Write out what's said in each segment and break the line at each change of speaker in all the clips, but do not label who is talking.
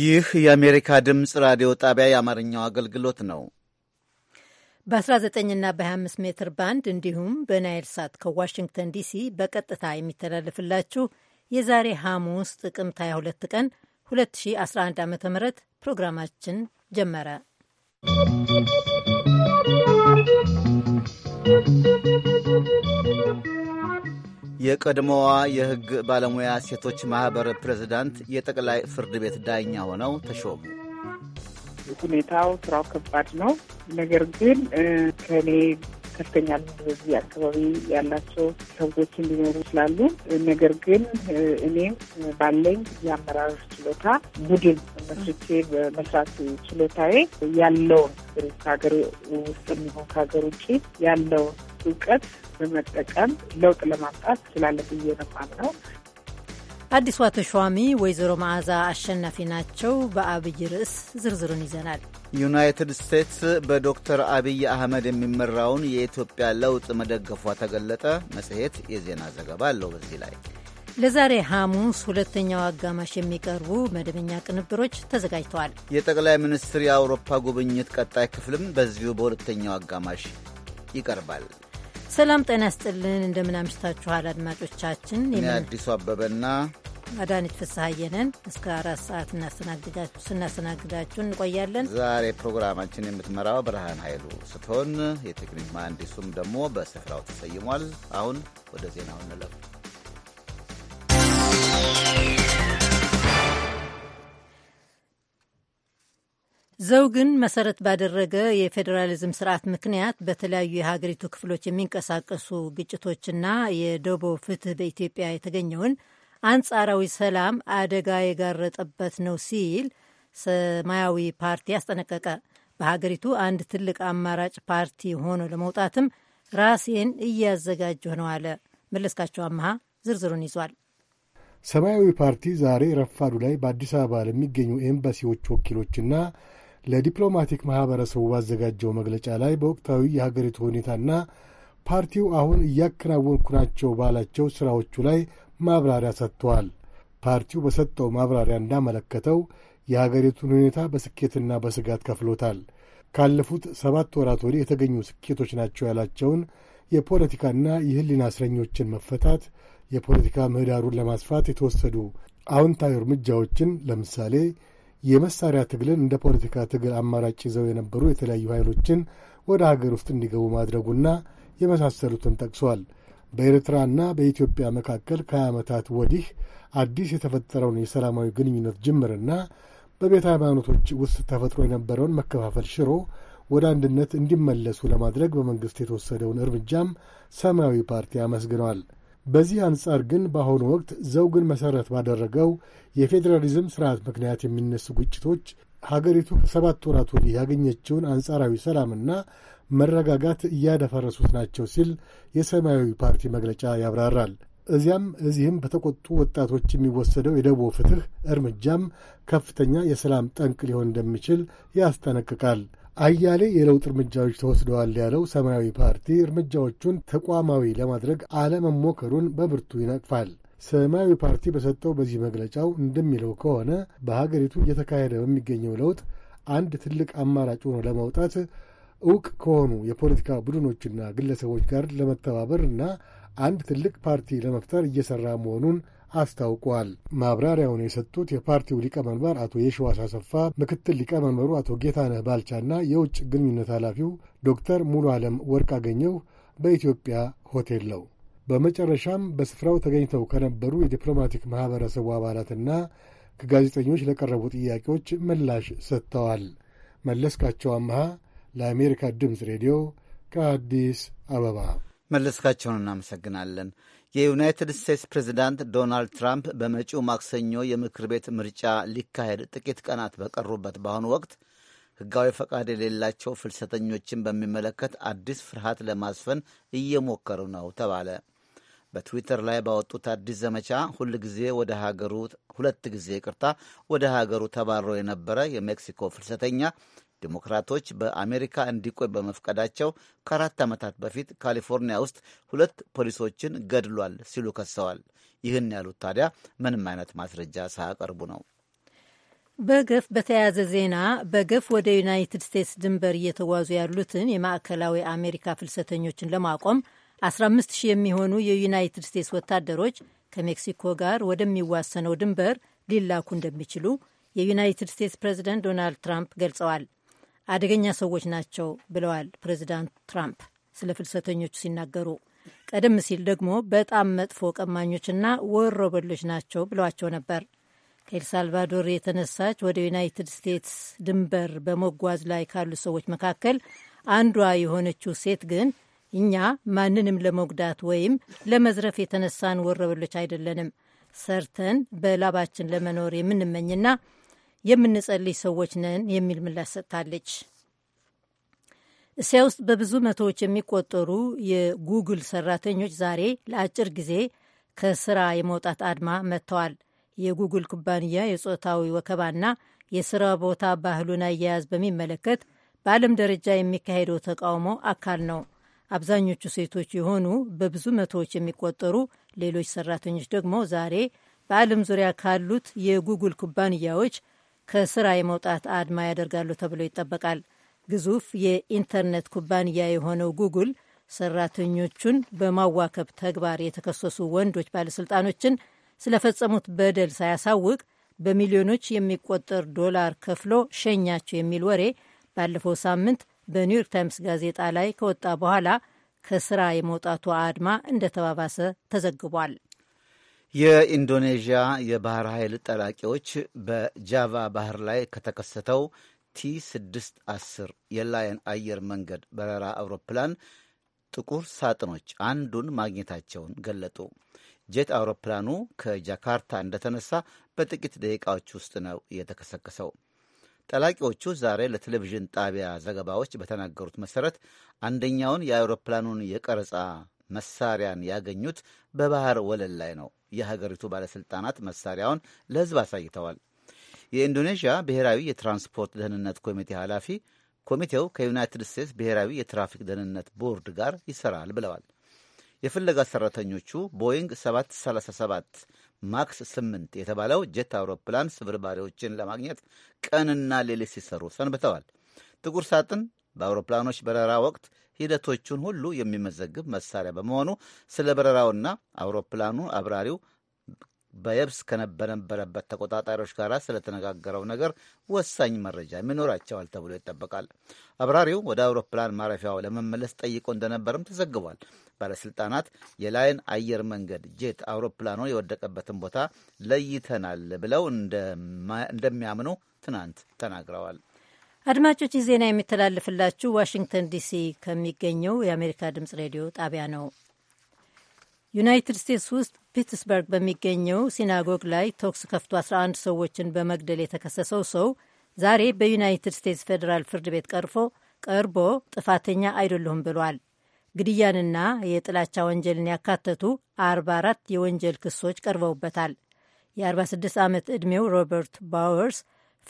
ይህ የአሜሪካ ድምፅ ራዲዮ ጣቢያ የአማርኛው አገልግሎት ነው።
በ19ና በ25 ሜትር ባንድ እንዲሁም በናይል ሳት ከዋሽንግተን ዲሲ በቀጥታ የሚተላለፍላችሁ የዛሬ ሐሙስ ጥቅምት 22 ቀን 2011 ዓ ም ፕሮግራማችን ጀመረ።
¶¶
የቀድሞዋ የሕግ ባለሙያ ሴቶች ማኅበር ፕሬዝዳንት የጠቅላይ ፍርድ ቤት ዳኛ ሆነው ተሾሙ።
ሁኔታው ስራው ከባድ ነው። ነገር ግን ከኔ ከፍተኛ በዚህ አካባቢ ያላቸው ሰዎች እንዲኖሩ ስላሉ፣ ነገር ግን እኔም ባለኝ የአመራር ችሎታ ቡድን መስርቼ በመስራት ችሎታዬ ያለውን ከሀገር ውስጥ የሚሆን ከሀገር ውጭ ያለውን እውቀት በመጠቀም ለውጥ ለማምጣት ስላለ ብዬ ነው።
አዲሷ ተሿሚ ወይዘሮ መዓዛ አሸናፊ ናቸው። በአብይ ርዕስ ዝርዝሩን ይዘናል።
ዩናይትድ ስቴትስ በዶክተር አብይ አህመድ የሚመራውን የኢትዮጵያ ለውጥ መደገፏ ተገለጠ። መጽሔት የዜና ዘገባ አለው በዚህ ላይ
ለዛሬ ሐሙስ ሁለተኛው አጋማሽ የሚቀርቡ መደበኛ ቅንብሮች ተዘጋጅተዋል።
የጠቅላይ ሚኒስትር የአውሮፓ ጉብኝት ቀጣይ ክፍልም በዚሁ በሁለተኛው አጋማሽ ይቀርባል።
ሰላም ጤና ያስጥልን። እንደምን አምሽታችኋል አድማጮቻችን። አዲሱ አበበና አዳነች ፍስሐየንን እስከ አራት ሰዓት ስናስተናግዳችሁ እንቆያለን።
ዛሬ ፕሮግራማችን የምትመራው ብርሃን ኃይሉ ስትሆን የቴክኒክ መሐንዲሱም ደግሞ በስፍራው ተሰይሟል። አሁን ወደ ዜናው እንለፍ።
ዘውግን
መሰረት ባደረገ የፌዴራሊዝም ስርዓት ምክንያት በተለያዩ የሀገሪቱ ክፍሎች የሚንቀሳቀሱ ግጭቶችና የደቦ ፍትህ በኢትዮጵያ የተገኘውን አንጻራዊ ሰላም አደጋ የጋረጠበት ነው ሲል ሰማያዊ ፓርቲ አስጠነቀቀ። በሀገሪቱ አንድ ትልቅ አማራጭ ፓርቲ ሆኖ ለመውጣትም ራሴን እያዘጋጀሁ ነው አለ። መለስካቸው አመሃ ዝርዝሩን ይዟል።
ሰማያዊ ፓርቲ ዛሬ ረፋዱ ላይ በአዲስ አበባ ለሚገኙ ኤምባሲዎች ወኪሎችና ለዲፕሎማቲክ ማህበረሰቡ ባዘጋጀው መግለጫ ላይ በወቅታዊ የሀገሪቱ ሁኔታና ፓርቲው አሁን እያከናወንኩ ናቸው ባላቸው ሥራዎቹ ላይ ማብራሪያ ሰጥተዋል። ፓርቲው በሰጠው ማብራሪያ እንዳመለከተው የሀገሪቱን ሁኔታ በስኬትና በስጋት ከፍሎታል። ካለፉት ሰባት ወራት ወዲህ የተገኙ ስኬቶች ናቸው ያላቸውን የፖለቲካና የህሊና እስረኞችን መፈታት፣ የፖለቲካ ምህዳሩን ለማስፋት የተወሰዱ አዎንታዊ እርምጃዎችን ለምሳሌ የመሳሪያ ትግልን እንደ ፖለቲካ ትግል አማራጭ ይዘው የነበሩ የተለያዩ ኃይሎችን ወደ ሀገር ውስጥ እንዲገቡ ማድረጉና የመሳሰሉትን ጠቅሷል። በኤርትራና በኢትዮጵያ መካከል ከሀያ ዓመታት ወዲህ አዲስ የተፈጠረውን የሰላማዊ ግንኙነት ጅምርና በቤተ ሃይማኖቶች ውስጥ ተፈጥሮ የነበረውን መከፋፈል ሽሮ ወደ አንድነት እንዲመለሱ ለማድረግ በመንግሥት የተወሰደውን እርምጃም ሰማያዊ ፓርቲ አመስግነዋል። በዚህ አንጻር ግን በአሁኑ ወቅት ዘውግን መሠረት ባደረገው የፌዴራሊዝም ስርዓት ምክንያት የሚነሱ ግጭቶች ሀገሪቱ ከሰባት ወራት ወዲህ ያገኘችውን አንጻራዊ ሰላምና መረጋጋት እያደፈረሱት ናቸው ሲል የሰማያዊ ፓርቲ መግለጫ ያብራራል። እዚያም እዚህም በተቆጡ ወጣቶች የሚወሰደው የደቦ ፍትሕ እርምጃም ከፍተኛ የሰላም ጠንቅ ሊሆን እንደሚችል ያስጠነቅቃል። አያሌ የለውጥ እርምጃዎች ተወስደዋል ያለው ሰማያዊ ፓርቲ እርምጃዎቹን ተቋማዊ ለማድረግ አለመሞከሩን በብርቱ ይነቅፋል። ሰማያዊ ፓርቲ በሰጠው በዚህ መግለጫው እንደሚለው ከሆነ በሀገሪቱ እየተካሄደ በሚገኘው ለውጥ አንድ ትልቅ አማራጭ ሆኖ ለመውጣት እውቅ ከሆኑ የፖለቲካ ቡድኖችና ግለሰቦች ጋር ለመተባበር እና አንድ ትልቅ ፓርቲ ለመፍጠር እየሠራ መሆኑን አስታውቋል። ማብራሪያውን የሰጡት የፓርቲው ሊቀመንበር አቶ የሸዋስ አሰፋ፣ ምክትል ሊቀመንበሩ አቶ ጌታነህ ባልቻና የውጭ ግንኙነት ኃላፊው ዶክተር ሙሉ ዓለም ወርቅ አገኘሁ በኢትዮጵያ ሆቴል ነው። በመጨረሻም በስፍራው ተገኝተው ከነበሩ የዲፕሎማቲክ ማኅበረሰቡ አባላትና ከጋዜጠኞች ለቀረቡ ጥያቄዎች ምላሽ ሰጥተዋል። መለስካቸው አምሃ ለአሜሪካ ድምፅ ሬዲዮ ከአዲስ አበባ
መለስካቸውን እናመሰግናለን። የዩናይትድ ስቴትስ ፕሬዚዳንት ዶናልድ ትራምፕ በመጪው ማክሰኞ የምክር ቤት ምርጫ ሊካሄድ ጥቂት ቀናት በቀሩበት በአሁኑ ወቅት ሕጋዊ ፈቃድ የሌላቸው ፍልሰተኞችን በሚመለከት አዲስ ፍርሃት ለማስፈን እየሞከሩ ነው ተባለ። በትዊተር ላይ ባወጡት አዲስ ዘመቻ ሁል ጊዜ ወደ ሀገሩ ሁለት ጊዜ ቅርታ ወደ ሀገሩ ተባሮ የነበረ የሜክሲኮ ፍልሰተኛ ዴሞክራቶች በአሜሪካ እንዲቆይ በመፍቀዳቸው ከአራት ዓመታት በፊት ካሊፎርኒያ ውስጥ ሁለት ፖሊሶችን ገድሏል ሲሉ ከሰዋል። ይህን ያሉት ታዲያ ምንም አይነት ማስረጃ ሳያቀርቡ ነው።
በገፍ በተያያዘ ዜና በገፍ ወደ ዩናይትድ ስቴትስ ድንበር እየተጓዙ ያሉትን የማዕከላዊ አሜሪካ ፍልሰተኞችን ለማቆም 15 ሺህ የሚሆኑ የዩናይትድ ስቴትስ ወታደሮች ከሜክሲኮ ጋር ወደሚዋሰነው ድንበር ሊላኩ እንደሚችሉ የዩናይትድ ስቴትስ ፕሬዚደንት ዶናልድ ትራምፕ ገልጸዋል። አደገኛ ሰዎች ናቸው ብለዋል ፕሬዚዳንት ትራምፕ ስለ ፍልሰተኞቹ ሲናገሩ። ቀደም ሲል ደግሞ በጣም መጥፎ ቀማኞችና ወሮበሎች ናቸው ብለዋቸው ነበር። ከኤልሳልቫዶር የተነሳች ወደ ዩናይትድ ስቴትስ ድንበር በመጓዝ ላይ ካሉ ሰዎች መካከል አንዷ የሆነችው ሴት ግን እኛ ማንንም ለመጉዳት ወይም ለመዝረፍ የተነሳን ወረበሎች አይደለንም፣ ሰርተን በላባችን ለመኖር የምንመኝና የምንጸልይ ሰዎች ነን የሚል ምላሽ ሰጥታለች። እስያ ውስጥ በብዙ መቶዎች የሚቆጠሩ የጉግል ሰራተኞች ዛሬ ለአጭር ጊዜ ከስራ የመውጣት አድማ መጥተዋል። የጉግል ኩባንያ የጾታዊ ወከባና የስራ ቦታ ባህሉን አያያዝ በሚመለከት በዓለም ደረጃ የሚካሄደው ተቃውሞ አካል ነው። አብዛኞቹ ሴቶች የሆኑ በብዙ መቶዎች የሚቆጠሩ ሌሎች ሰራተኞች ደግሞ ዛሬ በዓለም ዙሪያ ካሉት የጉግል ኩባንያዎች ከስራ የመውጣት አድማ ያደርጋሉ ተብሎ ይጠበቃል። ግዙፍ የኢንተርኔት ኩባንያ የሆነው ጉግል ሰራተኞቹን በማዋከብ ተግባር የተከሰሱ ወንዶች ባለሥልጣኖችን ስለፈጸሙት በደል ሳያሳውቅ በሚሊዮኖች የሚቆጠር ዶላር ከፍሎ ሸኛቸው የሚል ወሬ ባለፈው ሳምንት በኒውዮርክ ታይምስ ጋዜጣ ላይ ከወጣ በኋላ ከስራ የመውጣቱ አድማ እንደተባባሰ ተዘግቧል።
የኢንዶኔዥያ የባህር ኃይል ጠላቂዎች በጃቫ ባህር ላይ ከተከሰተው ቲ 610 የላየን አየር መንገድ በረራ አውሮፕላን ጥቁር ሳጥኖች አንዱን ማግኘታቸውን ገለጡ። ጄት አውሮፕላኑ ከጃካርታ እንደተነሳ በጥቂት ደቂቃዎች ውስጥ ነው የተከሰከሰው። ጠላቂዎቹ ዛሬ ለቴሌቪዥን ጣቢያ ዘገባዎች በተናገሩት መሠረት አንደኛውን የአውሮፕላኑን የቀረጻ መሳሪያን ያገኙት በባህር ወለል ላይ ነው። የሀገሪቱ ባለሥልጣናት መሳሪያውን ለሕዝብ አሳይተዋል። የኢንዶኔዥያ ብሔራዊ የትራንስፖርት ደህንነት ኮሚቴ ኃላፊ ኮሚቴው ከዩናይትድ ስቴትስ ብሔራዊ የትራፊክ ደህንነት ቦርድ ጋር ይሰራል ብለዋል። የፍለጋ ሰራተኞቹ ቦይንግ 737 ማክስ 8 የተባለው ጀት አውሮፕላን ስብርባሪዎችን ለማግኘት ቀንና ሌሊት ሲሰሩ ሰንብተዋል። ጥቁር ሳጥን በአውሮፕላኖች በረራ ወቅት ሂደቶቹን ሁሉ የሚመዘግብ መሳሪያ በመሆኑ ስለ በረራውና አውሮፕላኑ አብራሪው በየብስ ከነበረበት ተቆጣጣሪዎች ጋር ስለተነጋገረው ነገር ወሳኝ መረጃ ይኖራቸዋል ተብሎ ይጠበቃል። አብራሪው ወደ አውሮፕላን ማረፊያው ለመመለስ ጠይቆ እንደነበርም ተዘግቧል። ባለስልጣናት የላይን አየር መንገድ ጄት አውሮፕላኑ የወደቀበትን ቦታ ለይተናል ብለው እንደሚያምኑ ትናንት ተናግረዋል።
አድማጮች ይህ ዜና የሚተላለፍላችሁ ዋሽንግተን ዲሲ ከሚገኘው የአሜሪካ ድምጽ ሬዲዮ ጣቢያ ነው። ዩናይትድ ስቴትስ ውስጥ ፒትስበርግ በሚገኘው ሲናጎግ ላይ ተኩስ ከፍቶ 11 ሰዎችን በመግደል የተከሰሰው ሰው ዛሬ በዩናይትድ ስቴትስ ፌዴራል ፍርድ ቤት ቀርፎ ቀርቦ ጥፋተኛ አይደለሁም ብሏል። ግድያንና የጥላቻ ወንጀልን ያካተቱ 44 የወንጀል ክሶች ቀርበውበታል። የ46 ዓመት ዕድሜው ሮበርት ባወርስ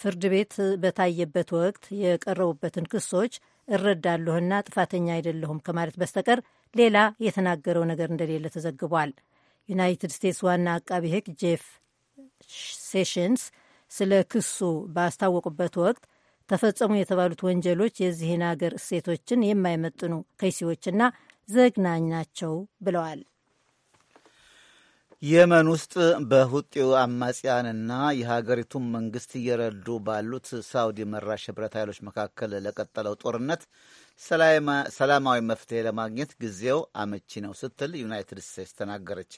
ፍርድ ቤት በታየበት ወቅት የቀረቡበትን ክሶች እረዳለሁና ጥፋተኛ አይደለሁም ከማለት በስተቀር ሌላ የተናገረው ነገር እንደሌለ ተዘግቧል። ዩናይትድ ስቴትስ ዋና አቃቢ ሕግ ጄፍ ሴሽንስ ስለ ክሱ ባስታወቁበት ወቅት ተፈጸሙ የተባሉት ወንጀሎች የዚህን ሀገር እሴቶችን የማይመጥኑ ከይሲዎችና ዘግናኝ ናቸው
ብለዋል።
የመን ውስጥ በሁጤው አማጽያንና የሀገሪቱን መንግስት እየረዱ ባሉት ሳውዲ መራሽ ህብረት ኃይሎች መካከል ለቀጠለው ጦርነት ሰላማዊ መፍትሄ ለማግኘት ጊዜው አመቺ ነው ስትል ዩናይትድ ስቴትስ ተናገረች።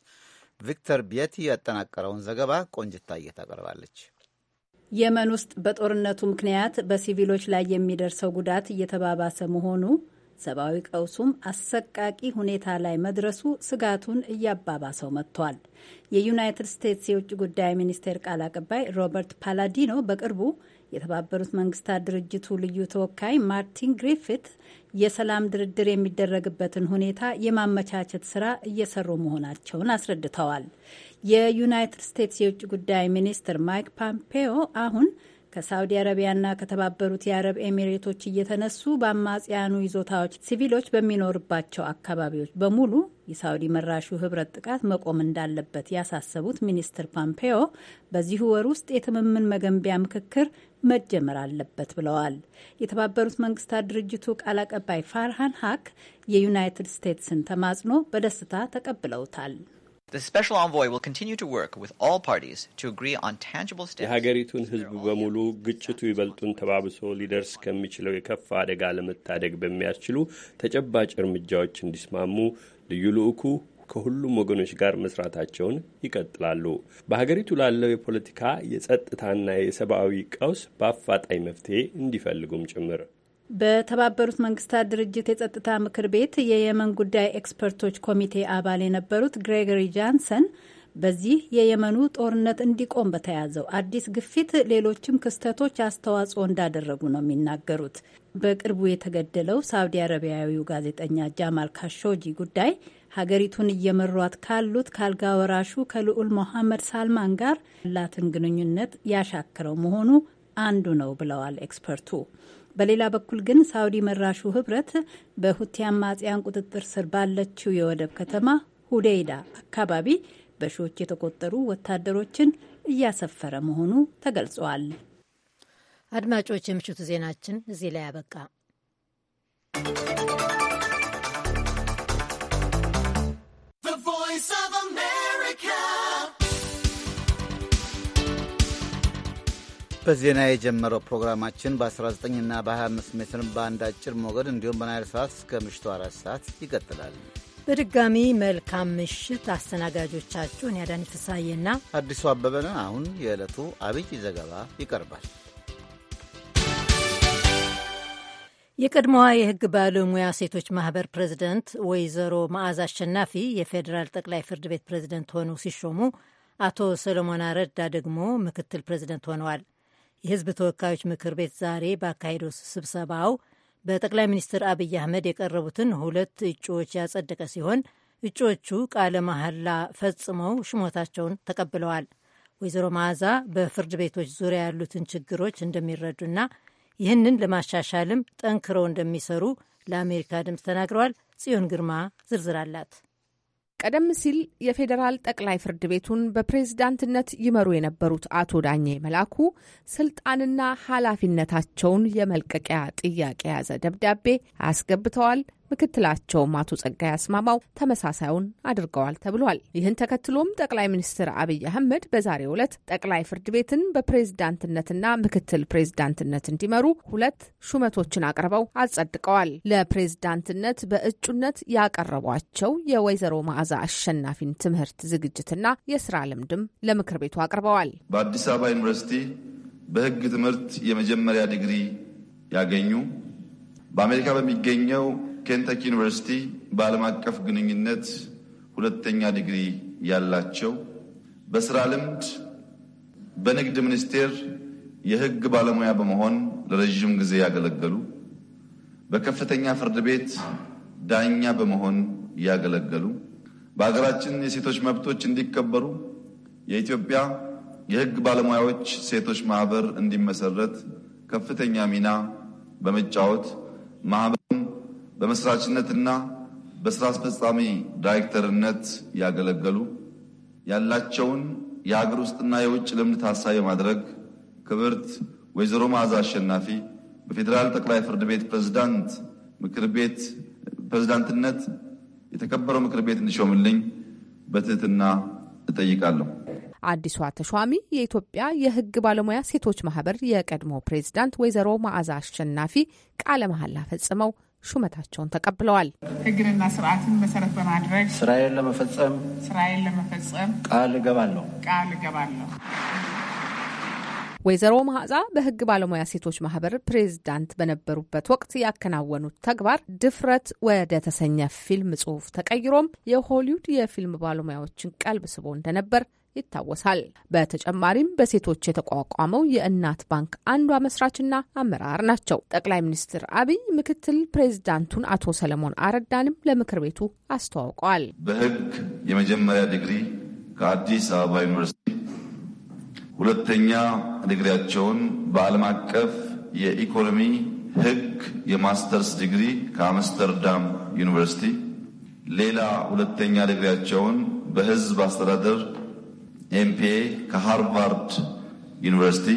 ቪክተር ቢየቲ ያጠናቀረውን ዘገባ ቆንጅታ ታቀርባለች።
የመን ውስጥ በጦርነቱ ምክንያት በሲቪሎች ላይ የሚደርሰው ጉዳት እየተባባሰ መሆኑ ሰብአዊ ቀውሱም አሰቃቂ ሁኔታ ላይ መድረሱ ስጋቱን እያባባሰው መጥቷል። የዩናይትድ ስቴትስ የውጭ ጉዳይ ሚኒስቴር ቃል አቀባይ ሮበርት ፓላዲኖ በቅርቡ የተባበሩት መንግስታት ድርጅቱ ልዩ ተወካይ ማርቲን ግሪፊት የሰላም ድርድር የሚደረግበትን ሁኔታ የማመቻቸት ስራ እየሰሩ መሆናቸውን አስረድተዋል። የዩናይትድ ስቴትስ የውጭ ጉዳይ ሚኒስትር ማይክ ፖምፔዮ አሁን ከሳውዲ አረቢያና ከተባበሩት የአረብ ኤሚሬቶች እየተነሱ በአማጽያኑ ይዞታዎች ሲቪሎች በሚኖርባቸው አካባቢዎች በሙሉ የሳውዲ መራሹ ህብረት ጥቃት መቆም እንዳለበት ያሳሰቡት ሚኒስትር ፖምፔዮ በዚሁ ወር ውስጥ የትምምን መገንቢያ ምክክር መጀመር አለበት ብለዋል። የተባበሩት መንግስታት ድርጅቱ ቃል አቀባይ ፋርሃን ሀክ የዩናይትድ ስቴትስን ተማጽኖ በደስታ ተቀብለውታል።
የሀገሪቱን ሕዝብ በሙሉ ግጭቱ ይበልጡን ተባብሶ ሊደርስ ከሚችለው የከፋ አደጋ ለመታደግ በሚያስችሉ ተጨባጭ እርምጃዎች እንዲስማሙ ልዩ ልዑኩ ከሁሉም ወገኖች ጋር መስራታቸውን ይቀጥላሉ። በሀገሪቱ ላለው የፖለቲካ የጸጥታና የሰብአዊ ቀውስ በአፋጣኝ መፍትሄ እንዲፈልጉም ጭምር
በተባበሩት መንግስታት ድርጅት የጸጥታ ምክር ቤት የየመን ጉዳይ ኤክስፐርቶች ኮሚቴ አባል የነበሩት ግሬጎሪ ጃንሰን በዚህ የየመኑ ጦርነት እንዲቆም በተያዘው አዲስ ግፊት ሌሎችም ክስተቶች አስተዋጽኦ እንዳደረጉ ነው የሚናገሩት። በቅርቡ የተገደለው ሳውዲ አረቢያዊው ጋዜጠኛ ጃማል ካሾጂ ጉዳይ ሀገሪቱን እየመሯት ካሉት ካልጋ ወራሹ ከልዑል ሞሐመድ ሳልማን ጋር ያላትን ግንኙነት ያሻከረው መሆኑ አንዱ ነው ብለዋል ኤክስፐርቱ። በሌላ በኩል ግን ሳውዲ መራሹ ህብረት በሁቲ አማጽያን ቁጥጥር ስር ባለችው የወደብ ከተማ ሁዴይዳ አካባቢ በሺዎች የተቆጠሩ ወታደሮችን እያሰፈረ መሆኑ ተገልጿል። አድማጮች፣ የምሽቱ ዜናችን እዚህ ላይ
you.
በዜና የጀመረው ፕሮግራማችን በ19 እና በ25 ሜትር በአንድ አጭር ሞገድ እንዲሁም በናይል ሰዓት እስከ ምሽቱ አራት ሰዓት ይቀጥላል።
በድጋሚ መልካም ምሽት። አስተናጋጆቻችሁን ያዳኒ ፍሳዬና
አዲሱ አበበን። አሁን የዕለቱ አብይ ዘገባ ይቀርባል።
የቀድሞዋ የሕግ ባለሙያ ሴቶች ማህበር ፕሬዚደንት ወይዘሮ መዓዝ አሸናፊ የፌዴራል ጠቅላይ ፍርድ ቤት ፕሬዚደንት ሆነው ሲሾሙ አቶ ሰለሞን አረዳ ደግሞ ምክትል ፕሬዚደንት ሆነዋል። የህዝብ ተወካዮች ምክር ቤት ዛሬ ባካሄደው ስብሰባው በጠቅላይ ሚኒስትር አብይ አህመድ የቀረቡትን ሁለት እጩዎች ያጸደቀ ሲሆን እጩዎቹ ቃለ መሐላ ፈጽመው ሹመታቸውን ተቀብለዋል። ወይዘሮ መዓዛ በፍርድ ቤቶች ዙሪያ ያሉትን ችግሮች እንደሚረዱና ይህንን ለማሻሻልም ጠንክረው እንደሚሰሩ ለአሜሪካ ድምፅ ተናግረዋል። ጽዮን ግርማ ዝርዝር አላት።
ቀደም ሲል የፌዴራል ጠቅላይ ፍርድ ቤቱን በፕሬዝዳንትነት ይመሩ የነበሩት አቶ ዳኜ መላኩ ስልጣንና ኃላፊነታቸውን የመልቀቂያ ጥያቄ የያዘ ደብዳቤ አስገብተዋል። ምክትላቸውም አቶ ጸጋይ አስማማው ተመሳሳዩን አድርገዋል ተብሏል። ይህን ተከትሎም ጠቅላይ ሚኒስትር አብይ አህመድ በዛሬው ዕለት ጠቅላይ ፍርድ ቤትን በፕሬዝዳንትነትና ምክትል ፕሬዝዳንትነት እንዲመሩ ሁለት ሹመቶችን አቅርበው አጸድቀዋል። ለፕሬዝዳንትነት በእጩነት ያቀረቧቸው የወይዘሮ መዓዛ አሸናፊን ትምህርት ዝግጅትና የስራ ልምድም ለምክር ቤቱ አቅርበዋል።
በአዲስ አበባ ዩኒቨርሲቲ በህግ ትምህርት የመጀመሪያ ዲግሪ ያገኙ በአሜሪካ በሚገኘው ኬንታኪ ዩኒቨርሲቲ በዓለም አቀፍ ግንኙነት ሁለተኛ ዲግሪ ያላቸው በስራ ልምድ በንግድ ሚኒስቴር የሕግ ባለሙያ በመሆን ለረዥም ጊዜ ያገለገሉ በከፍተኛ ፍርድ ቤት ዳኛ በመሆን ያገለገሉ በሀገራችን የሴቶች መብቶች እንዲከበሩ የኢትዮጵያ የሕግ ባለሙያዎች ሴቶች ማህበር እንዲመሰረት ከፍተኛ ሚና በመጫወት ማህበር በመስራችነትና በስራ አስፈጻሚ ዳይሬክተርነት ያገለገሉ ያላቸውን የሀገር ውስጥና የውጭ ልምድ ታሳቢ በማድረግ ክብርት ወይዘሮ መዓዛ አሸናፊ በፌዴራል ጠቅላይ ፍርድ ቤት ፕሬዝዳንት ምክር ቤት ፕሬዝዳንትነት የተከበረው ምክር ቤት እንዲሾምልኝ በትህትና እጠይቃለሁ።
አዲሷ ተሿሚ የኢትዮጵያ የሕግ ባለሙያ ሴቶች ማህበር የቀድሞ ፕሬዝዳንት ወይዘሮ መዓዛ አሸናፊ ቃለ መሐላ ፈጽመው ሹመታቸውን ተቀብለዋል። ህግንና ስርዓትን መሰረት በማድረግ ስራዬን ለመፈጸም
ስራዬን ለመፈጸም ቃል እገባለሁ ቃል እገባለሁ።
ወይዘሮ መዓዛ በህግ ባለሙያ ሴቶች ማህበር ፕሬዝዳንት በነበሩበት ወቅት ያከናወኑት ተግባር ድፍረት ወደ ተሰኘ ፊልም ጽሁፍ ተቀይሮም የሆሊውድ የፊልም ባለሙያዎችን ቀልብ ስቦ እንደነበር ይታወሳል። በተጨማሪም በሴቶች የተቋቋመው የእናት ባንክ አንዷ መስራችና አመራር ናቸው። ጠቅላይ ሚኒስትር አብይ ምክትል ፕሬዚዳንቱን አቶ ሰለሞን አረዳንም ለምክር ቤቱ አስተዋውቀዋል።
በህግ የመጀመሪያ ዲግሪ ከአዲስ አበባ ዩኒቨርሲቲ ሁለተኛ ዲግሪያቸውን በዓለም አቀፍ የኢኮኖሚ ህግ የማስተርስ ዲግሪ ከአምስተርዳም ዩኒቨርሲቲ ሌላ ሁለተኛ ዲግሪያቸውን በህዝብ አስተዳደር ኤምፒኤ ከሃርቫርድ ዩኒቨርሲቲ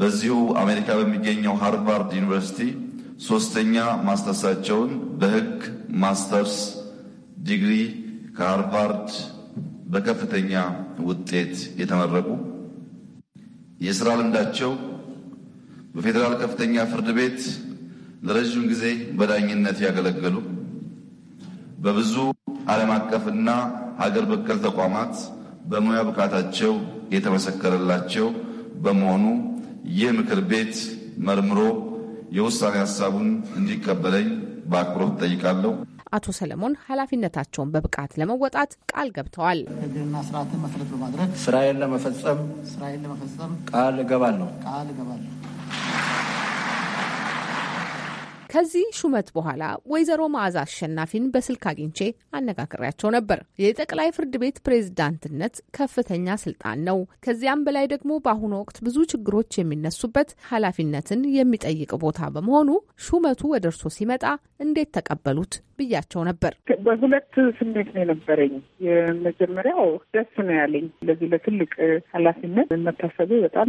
በዚሁ አሜሪካ በሚገኘው ሃርቫርድ ዩኒቨርሲቲ ሶስተኛ ማስተርሳቸውን በህግ ማስተርስ ዲግሪ ከሃርቫርድ በከፍተኛ ውጤት የተመረቁ የስራ ልምዳቸው በፌዴራል ከፍተኛ ፍርድ ቤት ለረዥም ጊዜ በዳኝነት ያገለገሉ በብዙ ዓለም አቀፍና ሀገር በቀል ተቋማት በሙያ ብቃታቸው የተመሰከረላቸው በመሆኑ ይህ ምክር ቤት መርምሮ የውሳኔ ሀሳቡን እንዲቀበለኝ በአክብሮት እጠይቃለሁ።
አቶ ሰለሞን ኃላፊነታቸውን በብቃት ለመወጣት ቃል ገብተዋል። ህግና ስርዓትን መሰረት በማድረግ ስራዬን ለመፈጸም
ቃል እገባለሁ።
ከዚህ ሹመት በኋላ ወይዘሮ መዓዛ አሸናፊን በስልክ አግኝቼ አነጋግሬያቸው ነበር። የጠቅላይ ፍርድ ቤት ፕሬዝዳንትነት ከፍተኛ ስልጣን ነው። ከዚያም በላይ ደግሞ በአሁኑ ወቅት ብዙ ችግሮች የሚነሱበት ኃላፊነትን የሚጠይቅ ቦታ በመሆኑ ሹመቱ ወደ እርሶ ሲመጣ እንዴት ተቀበሉት ብያቸው ነበር። በሁለት ስሜት ነው የነበረኝ። የመጀመሪያው
ደስ ነው ያለኝ ለዚህ ለትልቅ ኃላፊነት መታሰቤ በጣም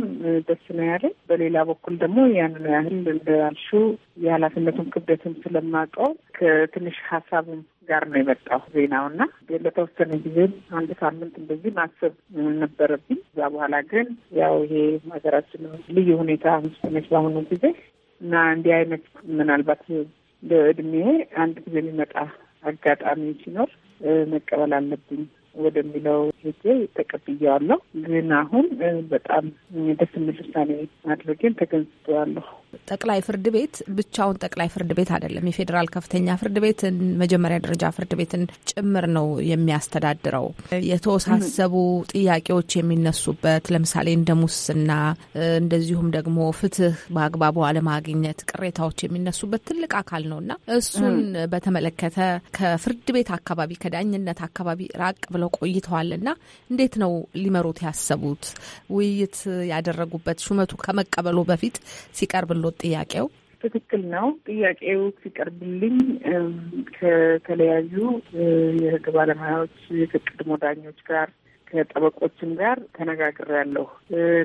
ደስ ነው ያለኝ። በሌላ በኩል ደግሞ ያንን ያህል እንዳልሽው የኃላፊነቱን ክብደትም ስለማውቀው ከትንሽ ሀሳብም ጋር ነው የመጣው ዜናውና ለተወሰነ ጊዜ አንድ ሳምንት እንደዚህ ማሰብ ነበረብኝ። እዛ በኋላ ግን ያው ይሄ ሀገራችን ልዩ ሁኔታ ውስጥ በአሁኑ ጊዜ እና እንዲህ አይነት ምናልባት በእድሜ አንድ ጊዜ የሚመጣ አጋጣሚ ሲኖር መቀበል አለብኝ ወደሚለው ሄጄ ተቀብያዋለሁ። ግን አሁን በጣም ደስ የሚል ውሳኔ ማድረጌን ተገንዝቤዋለሁ።
ጠቅላይ ፍርድ ቤት ብቻውን ጠቅላይ ፍርድ ቤት አይደለም። የፌዴራል ከፍተኛ ፍርድ ቤትን፣ መጀመሪያ ደረጃ ፍርድ ቤትን ጭምር ነው የሚያስተዳድረው። የተወሳሰቡ ጥያቄዎች የሚነሱበት ለምሳሌ እንደ ሙስና፣ እንደዚሁም ደግሞ ፍትህ በአግባቡ አለማግኘት፣ ቅሬታዎች የሚነሱበት ትልቅ አካል ነው እና እሱን በተመለከተ ከፍርድ ቤት አካባቢ ከዳኝነት አካባቢ ራቅ ብለው ቆይተዋል እና እንዴት ነው ሊመሩት ያሰቡት? ውይይት ያደረጉበት ሹመቱ ከመቀበሉ በፊት ሲቀርብ ያቀረቡሎት ጥያቄው? ትክክል
ነው። ጥያቄው ሲቀርብልኝ ከተለያዩ የህግ ባለሙያዎች፣ ከቀድሞ ዳኞች ጋር ከጠበቆችም ጋር ተነጋግሬያለሁ።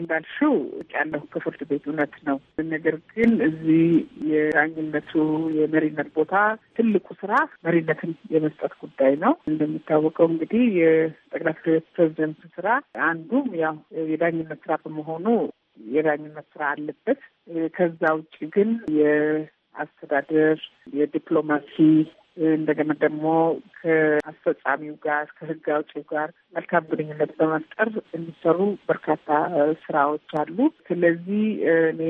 እንዳልሽው ያለሁ ከፍርድ ቤት እውነት ነው። ነገር ግን እዚህ የዳኝነቱ የመሪነት ቦታ ትልቁ ስራ መሪነትን የመስጠት ጉዳይ ነው። እንደሚታወቀው እንግዲህ የጠቅላይ ፍርድ ቤት ፕሬዚደንት ስራ አንዱ ያው የዳኝነት ስራ በመሆኑ የዳኝነት ስራ አለበት። ከዛ ውጭ ግን የአስተዳደር የዲፕሎማሲ እንደገና ደግሞ ከአስፈጻሚው ጋር ከህግ አውጪው ጋር መልካም ግንኙነት በመፍጠር የሚሰሩ በርካታ ስራዎች አሉ። ስለዚህ እኔ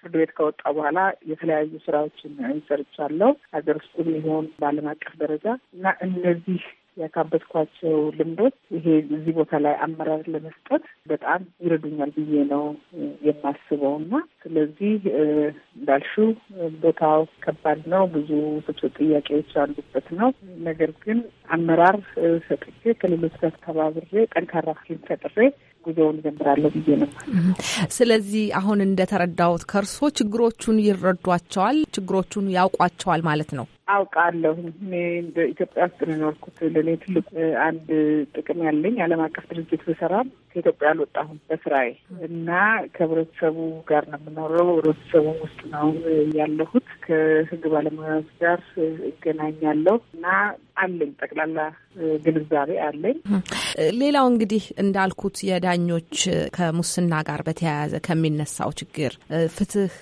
ፍርድ ቤት ከወጣ በኋላ የተለያዩ ስራዎችን ሰርቻለሁ፣ ሀገር ውስጥም ይሆን በዓለም አቀፍ ደረጃ እና እነዚህ ያካበትኳቸው ልምዶች ይሄ እዚህ ቦታ ላይ አመራር ለመስጠት በጣም ይረዱኛል ብዬ ነው የማስበው እና ስለዚህ እንዳልሹ ቦታው ከባድ ነው፣ ብዙ ስብስብ ጥያቄዎች ያሉበት ነው። ነገር ግን አመራር ሰጥቼ ከሌሎች ጋር ተባብሬ ጠንካራ ፊልም ፈጥሬ ጉዞውን ጀምራለሁ ብዬ
ነው። ስለዚህ አሁን እንደተረዳሁት ከእርሶ ችግሮቹን ይረዷቸዋል፣ ችግሮቹን ያውቋቸዋል ማለት ነው።
አውቃለሁ። እኔ በኢትዮጵያ ውስጥ ነው የኖርኩት። ለእኔ ትልቅ አንድ ጥቅም ያለኝ ዓለም አቀፍ ድርጅት ብሰራም ከኢትዮጵያ አልወጣሁም በስራዬ እና ከህብረተሰቡ ጋር ነው የምኖረው። ህብረተሰቡ ውስጥ ነው ያለሁት። ከህግ ባለሙያዎች ጋር እገናኛለሁ እና አለኝ ጠቅላላ ግንዛቤ አለኝ።
ሌላው እንግዲህ እንዳልኩት የዳኞች ከሙስና ጋር በተያያዘ ከሚነሳው ችግር ፍትህ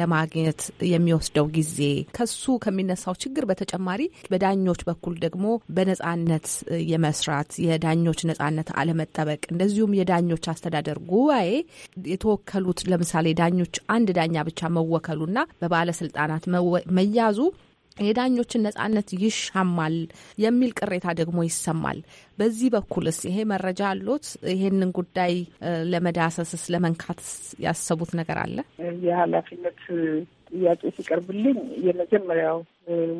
ለማግኘት የሚወስደው ጊዜ ከሱ ከሚነሳው ችግር በተጨማሪ በዳኞች በኩል ደግሞ በነጻነት የመስራት የዳኞች ነጻነት አለመጠበቅ፣ እንደዚሁም የዳኞች አስተዳደር ጉባኤ የተወከሉት ለምሳሌ ዳኞች አንድ ዳኛ ብቻ መወከሉና በባለስልጣናት መያዙ የዳኞችን ነጻነት ይሻማል የሚል ቅሬታ ደግሞ ይሰማል። በዚህ በኩልስ ይሄ መረጃ አሎት? ይሄንን ጉዳይ ለመዳሰስስ ለመንካትስ ያሰቡት ነገር አለ?
የኃላፊነት ጥያቄ ሲቀርብልኝ የመጀመሪያው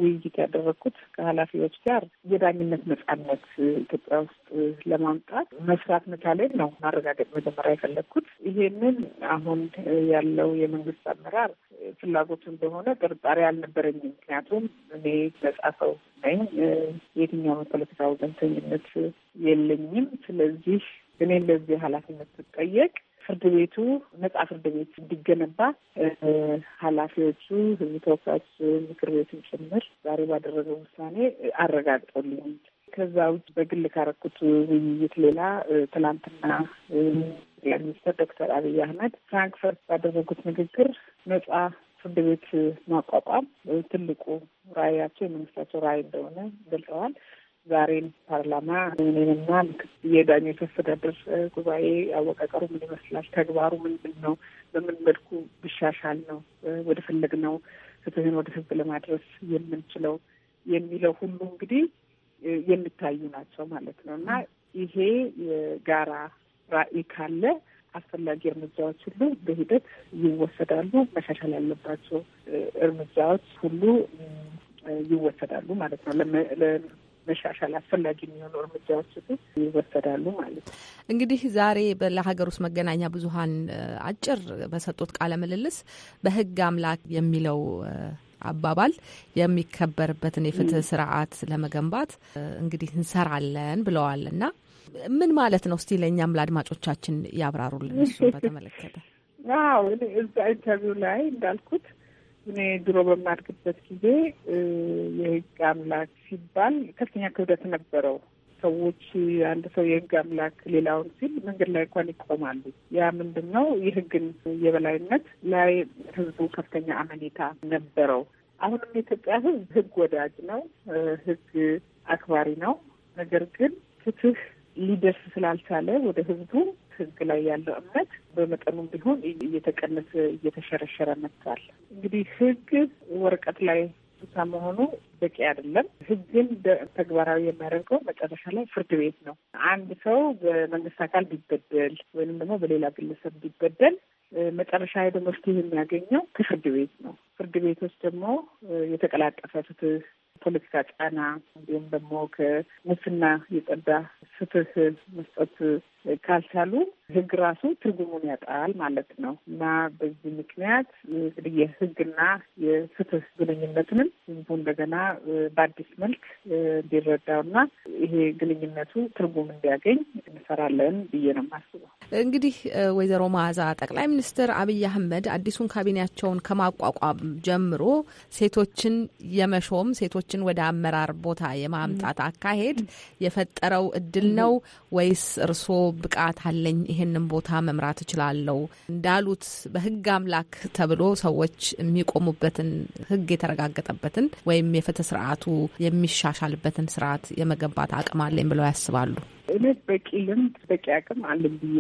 ውይይት ያደረግኩት ከኃላፊዎች ጋር የዳኝነት ነጻነት ኢትዮጵያ ውስጥ ለማምጣት መስራት መቻሌን ነው ማረጋገጥ መጀመሪያ የፈለግኩት። ይሄንን አሁን ያለው የመንግስት አመራር ፍላጎቱ እንደሆነ ጥርጣሬ አልነበረኝም። ምክንያቱም እኔ ነጻ ሰው ነኝ፣ የትኛውም ፖለቲካ ወገንተኝነት የለኝም። ስለዚህ እኔ እንደዚህ ኃላፊነት ስጠየቅ ፍርድ ቤቱ ነጻ ፍርድ ቤት እንዲገነባ ኃላፊዎቹ ህዝብ ተወካዮች ምክር ቤቱን ጭምር ዛሬ ባደረገው ውሳኔ አረጋግጠውልኛል። ከዛ ውጭ በግል ካረኩት ውይይት ሌላ ትናንትና ጠቅላይ ሚኒስትር ዶክተር አብይ አህመድ ፍራንክፈርት ባደረጉት ንግግር ነጻ ፍርድ ቤት ማቋቋም ትልቁ ራዕያቸው የመንግስታቸው ራዕይ እንደሆነ ገልጸዋል። ዛሬም ፓርላማ እኔንና የዳኞች አስተዳደር ጉባኤ አወቃቀሩ ምን ይመስላል፣ ተግባሩ ምንድን ነው፣ በምን መልኩ ብሻሻል ነው ወደ ነው ፍትህን ወደ ህዝብ ለማድረስ የምንችለው የሚለው ሁሉ እንግዲህ የሚታዩ ናቸው ማለት ነው እና ይሄ የጋራ ራዕይ ካለ አስፈላጊ እርምጃዎች ሁሉ በሂደት ይወሰዳሉ። መሻሻል ያለባቸው እርምጃዎች ሁሉ ይወሰዳሉ ማለት ነው። መሻሻል አስፈላጊ የሚሆኑ እርምጃዎች ይወሰዳሉ ማለት ነው።
እንግዲህ ዛሬ ለሀገር ውስጥ መገናኛ ብዙኃን አጭር በሰጡት ቃለ ምልልስ በህግ አምላክ የሚለው አባባል የሚከበርበትን የፍትህ ስርዓት ለመገንባት እንግዲህ እንሰራለን ብለዋል እና ምን ማለት ነው? እስቲ ለእኛም ለአድማጮቻችን ያብራሩልን እሱ በተመለከተ።
አዎ እዛ ኢንተርቪው ላይ እንዳልኩት እኔ ድሮ በማድግበት ጊዜ የህግ አምላክ ሲባል ከፍተኛ ክብደት ነበረው። ሰዎች አንድ ሰው የህግ አምላክ ሌላውን ሲል መንገድ ላይ እንኳን ይቆማሉ። ያ ምንድን ነው? የህግን የበላይነት ላይ ህዝቡ ከፍተኛ አመኔታ ነበረው። አሁንም የኢትዮጵያ ህዝብ ህግ ወዳጅ ነው፣ ህግ አክባሪ ነው። ነገር ግን ፍትህ ሊደርስ ስላልቻለ ወደ ህዝቡ ህግ ላይ ያለው እምነት በመጠኑም ቢሆን እየተቀነሰ እየተሸረሸረ መጥቷል። እንግዲህ ህግ ወረቀት ላይ ብቻ መሆኑ በቂ አይደለም። ህግን ተግባራዊ የሚያደርገው መጨረሻ ላይ ፍርድ ቤት ነው። አንድ ሰው በመንግስት አካል ቢበደል ወይም ደግሞ በሌላ ግለሰብ ቢበደል መጨረሻ ሄዶ መፍትሄ የሚያገኘው ከፍርድ ቤት ነው። ፍርድ ቤቶች ደግሞ የተቀላጠፈ ፍትህ ፖለቲካ ጫና እንዲሁም ደግሞ ከሙስና የጸዳ ፍትህ መስጠት ካልቻሉ ህግ ራሱ ትርጉሙን ያጣል ማለት ነው እና በዚህ ምክንያት እንግዲህ የህግና የፍትህ ግንኙነትንም ህዝቡ እንደገና በአዲስ መልክ እንዲረዳውና ይሄ ግንኙነቱ ትርጉም እንዲያገኝ እንሰራለን ብዬ ነው የማስበው።
እንግዲህ ወይዘሮ መዓዛ ጠቅላይ ሚኒስትር አብይ አህመድ አዲሱን ካቢኔያቸውን ከማቋቋም ጀምሮ ሴቶችን የመሾም ሴቶችን ወደ አመራር ቦታ የማምጣት አካሄድ የፈጠረው እድል ነው ወይስ እርስዎ ብቃት አለኝ፣ ይሄንን ቦታ መምራት እችላለሁ እንዳሉት በህግ አምላክ ተብሎ ሰዎች የሚቆሙበትን ህግ የተረጋገጠበትን ወይም የፍትህ ስርዓቱ የሚሻሻልበትን ስርዓት የመገንባት አቅም አለኝ ብለው ያስባሉ?
እኔ በቂ ልምድ በቂ አቅም አለኝ ብዬ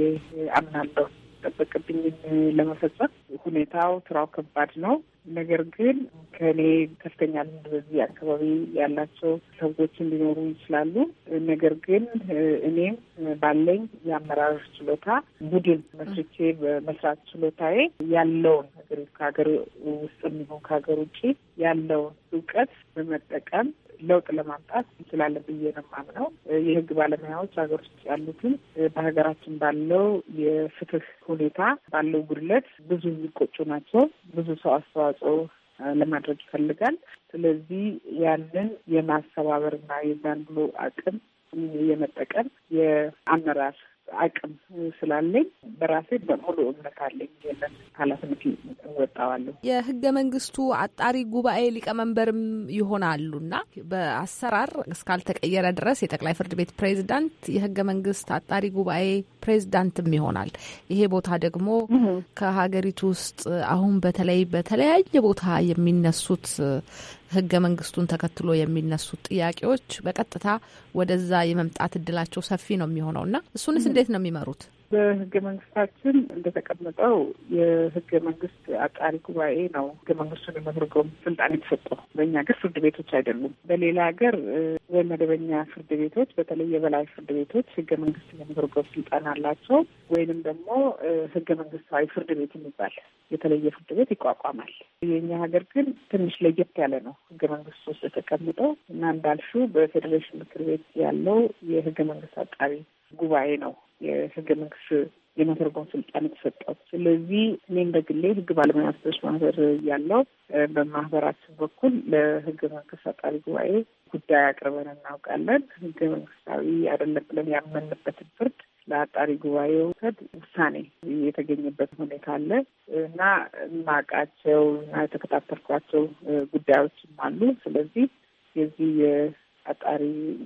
አምናለሁ። የሚጠበቅብኝን ለመፈጸም ሁኔታው ስራው ከባድ ነው። ነገር ግን ከእኔ ከፍተኛ ልምድ በዚህ አካባቢ ያላቸው ሰዎችን ሊኖሩ ይችላሉ። ነገር ግን እኔም ባለኝ የአመራር ችሎታ ቡድን መስርቼ በመስራት ችሎታዬ ያለውን ሀገር ከሀገር ውስጥ የሚሆን ከሀገር ውጭ ያለውን እውቀት በመጠቀም ለውጥ ለማምጣት እንችላለን ብዬ ነው የማምነው። የህግ ባለሙያዎች ሀገር ውስጥ ያሉትን በሀገራችን ባለው የፍትህ ሁኔታ ባለው ጉድለት ብዙ የሚቆጩ ናቸው። ብዙ ሰው አስተዋጽኦ ለማድረግ ይፈልጋል። ስለዚህ ያንን የማስተባበርና የዛን ብሎ አቅም የመጠቀም የአመራር አቅም ስላለኝ በራሴ በሙሉ እምነት አለኝ። ይህንን ኃላፊነት እወጣዋለሁ።
የህገ መንግስቱ አጣሪ ጉባኤ ሊቀመንበርም ይሆናሉና በአሰራር እስካልተቀየረ ድረስ የጠቅላይ ፍርድ ቤት ፕሬዚዳንት የህገ መንግስት አጣሪ ጉባኤ ፕሬዚዳንትም ይሆናል። ይሄ ቦታ ደግሞ ከሀገሪቱ ውስጥ አሁን በተለይ በተለያየ ቦታ የሚነሱት ህገ መንግስቱን ተከትሎ የሚነሱት ጥያቄዎች በቀጥታ ወደዛ የመምጣት እድላቸው ሰፊ ነው የሚሆነው እና እሱንስ እንዴት ነው የሚመሩት? በህገ
መንግስታችን እንደተቀመጠው የህገ መንግስት አጣሪ ጉባኤ ነው ህገ መንግስቱን የመተርጎም ስልጣን የተሰጠው። በእኛ ሀገር ፍርድ ቤቶች አይደሉም። በሌላ ሀገር በመደበኛ ፍርድ ቤቶች፣ በተለይ የበላይ ፍርድ ቤቶች ህገ መንግስት የመተርጎም ስልጣን አላቸው። ወይንም ደግሞ ህገ መንግስታዊ ፍርድ ቤት የሚባል የተለየ ፍርድ ቤት ይቋቋማል። የእኛ ሀገር ግን ትንሽ ለየት ያለ ነው ህገ መንግስቱ ውስጥ የተቀምጠው እና እንዳልሹ በፌዴሬሽን ምክር ቤት ያለው የህገ መንግስት አጣሪ ጉባኤ ነው የህገ መንግስት የመተርጎም ስልጣን የተሰጠው። ስለዚህ እኔም በግሌ ህግ ባለሙያ ሴቶች ማህበር ያለው በማህበራችን በኩል ለህገ መንግስት አጣሪ ጉባኤ ጉዳይ አቅርበን እናውቃለን። ህገ መንግስታዊ አይደለም ብለን ያመንበትን ፍርድ ለአጣሪ ጉባኤ ውሰድ ውሳኔ የተገኘበት ሁኔታ አለ እና ማቃቸው እና የተከታተልኳቸው ጉዳዮችም አሉ። ስለዚህ የዚህ የአጣሪ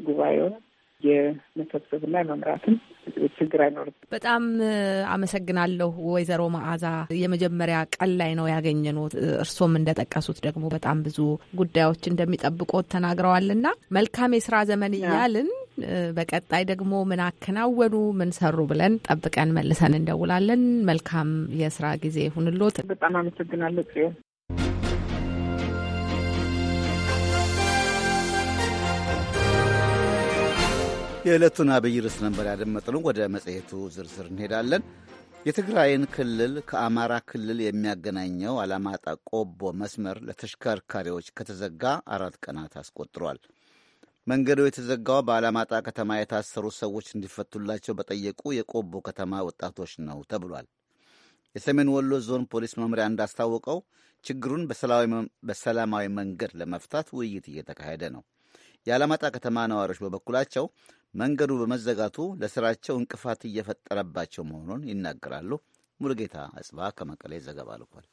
ጉባኤውን የመሰብሰብና የመምራትም ችግር አይኖርም።
በጣም አመሰግናለሁ ወይዘሮ መዓዛ። የመጀመሪያ ቀን ላይ ነው ያገኘኑት። እርሶም እንደጠቀሱት ደግሞ በጣም ብዙ ጉዳዮች እንደሚጠብቆት ተናግረዋልና መልካም የስራ ዘመን እያልን በቀጣይ ደግሞ ምን አከናወኑ፣ ምን ሰሩ ብለን ጠብቀን መልሰን እንደውላለን። መልካም የስራ ጊዜ ሁንሎት። በጣም አመሰግናለሁ ጽዮን።
የዕለቱን አብይ ርዕስ ነበር ያደመጥነው። ወደ መጽሔቱ ዝርዝር እንሄዳለን። የትግራይን ክልል ከአማራ ክልል የሚያገናኘው አላማጣ ቆቦ መስመር ለተሽከርካሪዎች ከተዘጋ አራት ቀናት አስቆጥሯል። መንገዱ የተዘጋው በአላማጣ ከተማ የታሰሩ ሰዎች እንዲፈቱላቸው በጠየቁ የቆቦ ከተማ ወጣቶች ነው ተብሏል። የሰሜን ወሎ ዞን ፖሊስ መምሪያ እንዳስታወቀው ችግሩን በሰላማዊ መንገድ ለመፍታት ውይይት እየተካሄደ ነው። የአላማጣ ከተማ ነዋሪዎች በበኩላቸው መንገዱ በመዘጋቱ ለስራቸው እንቅፋት እየፈጠረባቸው መሆኑን ይናገራሉ። ሙሉጌታ አጽባ ከመቀሌ ዘገባ ልኳል።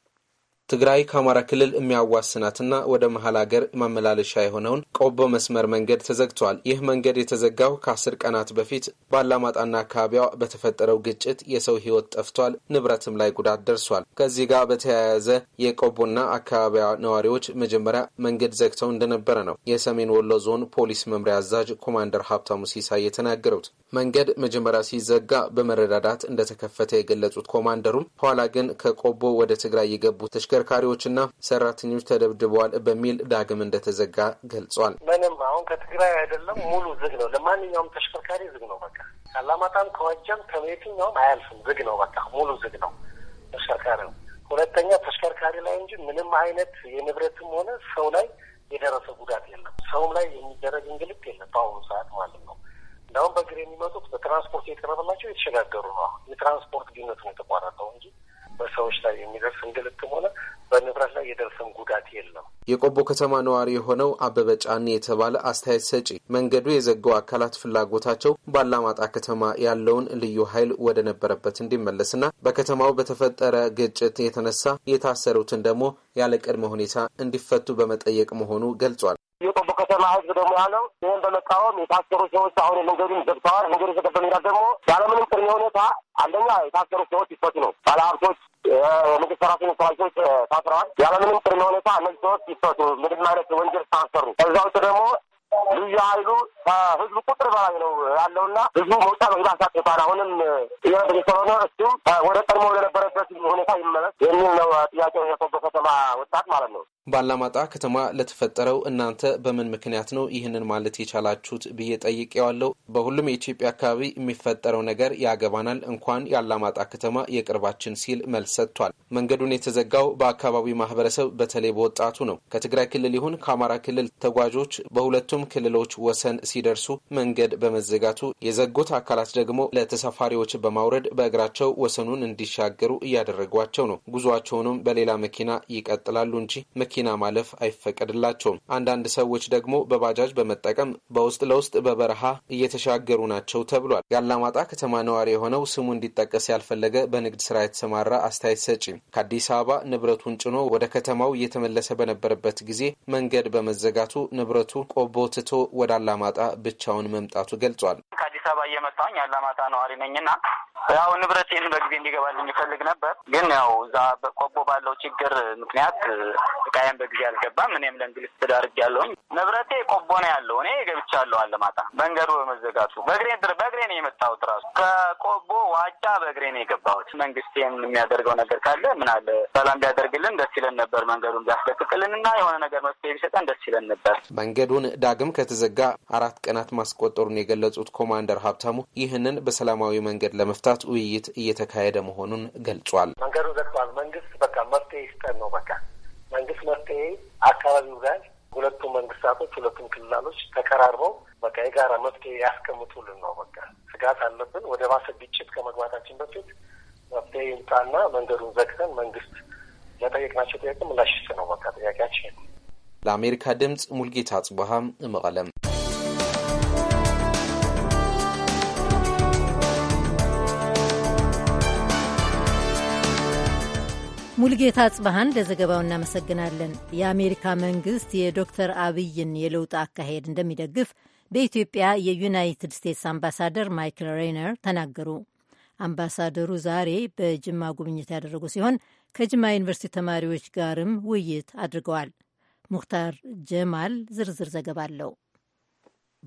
ትግራይ ከአማራ ክልል የሚያዋስናትና ወደ መሀል ሀገር ማመላለሻ የሆነውን ቆቦ መስመር መንገድ ተዘግቷል። ይህ መንገድ የተዘጋው ከአስር ቀናት በፊት በአላማጣና አካባቢዋ በተፈጠረው ግጭት የሰው ሕይወት ጠፍቷል፣ ንብረትም ላይ ጉዳት ደርሷል። ከዚህ ጋር በተያያዘ የቆቦና አካባቢዋ ነዋሪዎች መጀመሪያ መንገድ ዘግተው እንደነበረ ነው የሰሜን ወሎ ዞን ፖሊስ መምሪያ አዛዥ ኮማንደር ሀብታሙ ሲሳይ የተናገሩት። መንገድ መጀመሪያ ሲዘጋ በመረዳዳት እንደተከፈተ የገለጹት ኮማንደሩም ኋላ ግን ከቆቦ ወደ ትግራይ የገቡ ተሽከ ተሽከርካሪዎችና ሰራተኞች ተደብድበዋል በሚል ዳግም እንደተዘጋ ገልጿል።
ምንም አሁን ከትግራይ አይደለም ሙሉ ዝግ ነው። ለማንኛውም ተሽከርካሪ ዝግ ነው። በቃ አላማጣም ከወጀም ከየትኛውም አያልፍም። ዝግ ነው። በቃ ሙሉ ዝግ ነው ተሽከርካሪ ነው። ሁለተኛ ተሽከርካሪ ላይ እንጂ ምንም አይነት የንብረትም ሆነ ሰው ላይ የደረሰ ጉዳት የለም። ሰውም ላይ የሚደረግ እንግልት የለም በአሁኑ ሰዓት ማለት ነው።
እንዳሁም በእግር የሚመጡት በትራንስፖርት የቀረበላቸው የተሸጋገሩ ነው። የትራንስፖርት ግንኙነት ነው የተቋረጠው
እንጂ
በሰዎች ላይ የሚደርስ እንግልትም ሆነ በንብረት ላይ የደርስም ጉዳት የለም።
የቆቦ ከተማ ነዋሪ የሆነው አበበ ጫኔ የተባለ አስተያየት ሰጪ መንገዱ የዘገው አካላት ፍላጎታቸው ባላማጣ ከተማ ያለውን ልዩ ኃይል ወደ ነበረበት እንዲመለስና በከተማው በተፈጠረ ግጭት የተነሳ የታሰሩትን ደግሞ ያለ ቅድመ ሁኔታ እንዲፈቱ በመጠየቅ መሆኑ ገልጿል።
የጦቦ ከተማ ህዝብ ደግሞ ያለው ይህን በመቃወም የታሰሩ ሰዎች አሁን መንገዱን ዘግተዋል። መንገዱ ዘገበ ሚዳ ደግሞ ያለምንም ቅድመ ሁኔታ አንደኛ የታሰሩ ሰዎች ይፈቱ ነው። ባለሀብቶች፣ የመንግስት ሰራተኞች፣ ሰራዊቶች ታስረዋል። ያለምንም ቅድመ ሁኔታ እነዚህ ሰዎች ይፈቱ፣ ምንም አይነት ወንጀል ሳይሰሩ። ከዛ ውጭ ደግሞ ልዩ ኃይሉ ከህዝቡ ቁጥር በላይ
ነው ያለውና ህዝቡ መውጫ
መግባት ሳጥፋል። አሁንም ጥያቄ ስለሆነ እሱም ወደ ቀድሞ ወደነበረበት ሁኔታ ይመለስ የሚል ነው ጥያቄው የሶዶ ከተማ ወጣት ማለት ነው።
ባላማጣ ከተማ ለተፈጠረው እናንተ በምን ምክንያት ነው ይህንን ማለት የቻላችሁት ብዬ ጠይቄዋለሁ። በሁሉም የኢትዮጵያ አካባቢ የሚፈጠረው ነገር ያገባናል፣ እንኳን የአላማጣ ከተማ የቅርባችን ሲል መልስ ሰጥቷል። መንገዱን የተዘጋው በአካባቢው ማህበረሰብ በተለይ በወጣቱ ነው። ከትግራይ ክልል ይሁን ከአማራ ክልል ተጓዦች በሁለቱም ክልሎች ወሰን ሲደርሱ መንገድ በመዘጋቱ የዘጉት አካላት ደግሞ ለተሳፋሪዎች በማውረድ በእግራቸው ወሰኑን እንዲሻገሩ እያደረጓቸው ነው። ጉዟቸውንም በሌላ መኪና ይቀጥላሉ እንጂ መኪና ማለፍ አይፈቀድላቸውም። አንዳንድ ሰዎች ደግሞ በባጃጅ በመጠቀም በውስጥ ለውስጥ በበረሃ እየተሻገሩ ናቸው ተብሏል። የአላማጣ ከተማ ነዋሪ የሆነው ስሙ እንዲጠቀስ ያልፈለገ በንግድ ስራ የተሰማራ አስተያየት ሰጪ ከአዲስ አበባ ንብረቱን ጭኖ ወደ ከተማው እየተመለሰ በነበረበት ጊዜ መንገድ በመዘጋቱ ንብረቱ ቆቦ ትቶ ወደ አላማጣ ብቻውን መምጣቱ ገልጿል።
አዲስ አበባ እየመጣሁኝ አላማጣ ነዋሪ ነኝ እና ያው ንብረቴን በጊዜ እንዲገባልኝ ይፈልግ ነበር። ግን ያው እዛ በቆቦ ባለው ችግር ምክንያት እቃዬን በጊዜ አልገባም። እኔም ለእንግልት ተዳርጌያለሁኝ። ንብረቴ ቆቦ ነው ያለው። እኔ ገብቻለሁ አላማጣ መንገዱ በመዘጋቱ በእግሬ በእግሬ ነው የመጣሁት። ራሱ ከቆቦ ዋጫ በእግሬ ነው የገባሁት። መንግስቴም የሚያደርገው ነገር ካለ ምን አለ ሰላም ቢያደርግልን ደስ ይለን ነበር። መንገዱን ቢያስለቅቅልን እና የሆነ ነገር መፍትሄ ቢሰጠን ደስ ይለን ነበር።
መንገዱን ዳግም ከተዘጋ አራት ቀናት ማስቆጠሩን የገለጹት ኮማንድ አምባሳደር ሀብታሙ ይህንን በሰላማዊ መንገድ ለመፍታት ውይይት እየተካሄደ መሆኑን ገልጿል።
መንገዱ ዘግቷል። መንግስት በቃ መፍትሄ ይስጠን ነው በቃ መንግስት መፍትሄ አካባቢው ጋር ሁለቱም መንግስታቶች ሁለቱም ክልላሎች ተቀራርበው በቃ የጋራ መፍትሄ ያስቀምጡልን ነው በቃ ስጋት አለብን። ወደ ባሰ ግጭት ከመግባታችን በፊት መፍትሄ ይምጣና መንገዱን ዘግተን መንግስት ለጠየቅናቸው ጥያቄ ምላሽ ነው በቃ ጥያቄያችን።
ለአሜሪካ ድምፅ ሙልጌታ አጽበሃም መቀለም
ሙልጌታ ጽባሃን ለዘገባው እናመሰግናለን። የአሜሪካ መንግስት የዶክተር አብይን የለውጥ አካሄድ እንደሚደግፍ በኢትዮጵያ የዩናይትድ ስቴትስ አምባሳደር ማይክል ሬይነር ተናገሩ። አምባሳደሩ ዛሬ በጅማ ጉብኝት ያደረጉ ሲሆን ከጅማ ዩኒቨርሲቲ ተማሪዎች ጋርም ውይይት አድርገዋል። ሙክታር ጀማል ዝርዝር ዘገባ አለው።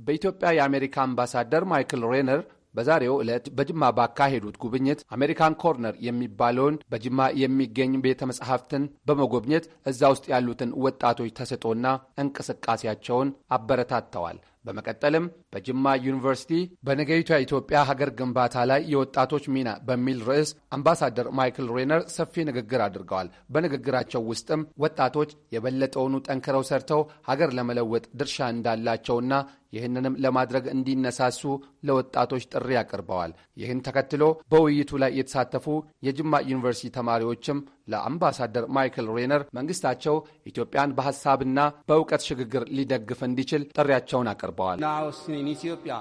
በኢትዮጵያ የአሜሪካ አምባሳደር ማይክል ሬነር በዛሬው ዕለት በጅማ ባካሄዱት ጉብኝት አሜሪካን ኮርነር የሚባለውን በጅማ የሚገኝ ቤተ መጽሐፍትን በመጎብኘት እዛ ውስጥ ያሉትን ወጣቶች ተሰጦና እንቅስቃሴያቸውን አበረታተዋል። በመቀጠልም በጅማ ዩኒቨርሲቲ በነገይቷ ኢትዮጵያ ሀገር ግንባታ ላይ የወጣቶች ሚና በሚል ርዕስ አምባሳደር ማይክል ሬነር ሰፊ ንግግር አድርገዋል። በንግግራቸው ውስጥም ወጣቶች የበለጠውኑ ጠንክረው ሰርተው ሀገር ለመለወጥ ድርሻ እንዳላቸውና ይህንንም ለማድረግ እንዲነሳሱ ለወጣቶች ጥሪ አቅርበዋል። ይህን ተከትሎ በውይይቱ ላይ የተሳተፉ የጅማ ዩኒቨርሲቲ ተማሪዎችም ለአምባሳደር ማይክል ሬነር መንግስታቸው ኢትዮጵያን በሀሳብና በእውቀት ሽግግር ሊደግፍ እንዲችል ጥሪያቸውን አቅርበዋል።
uh,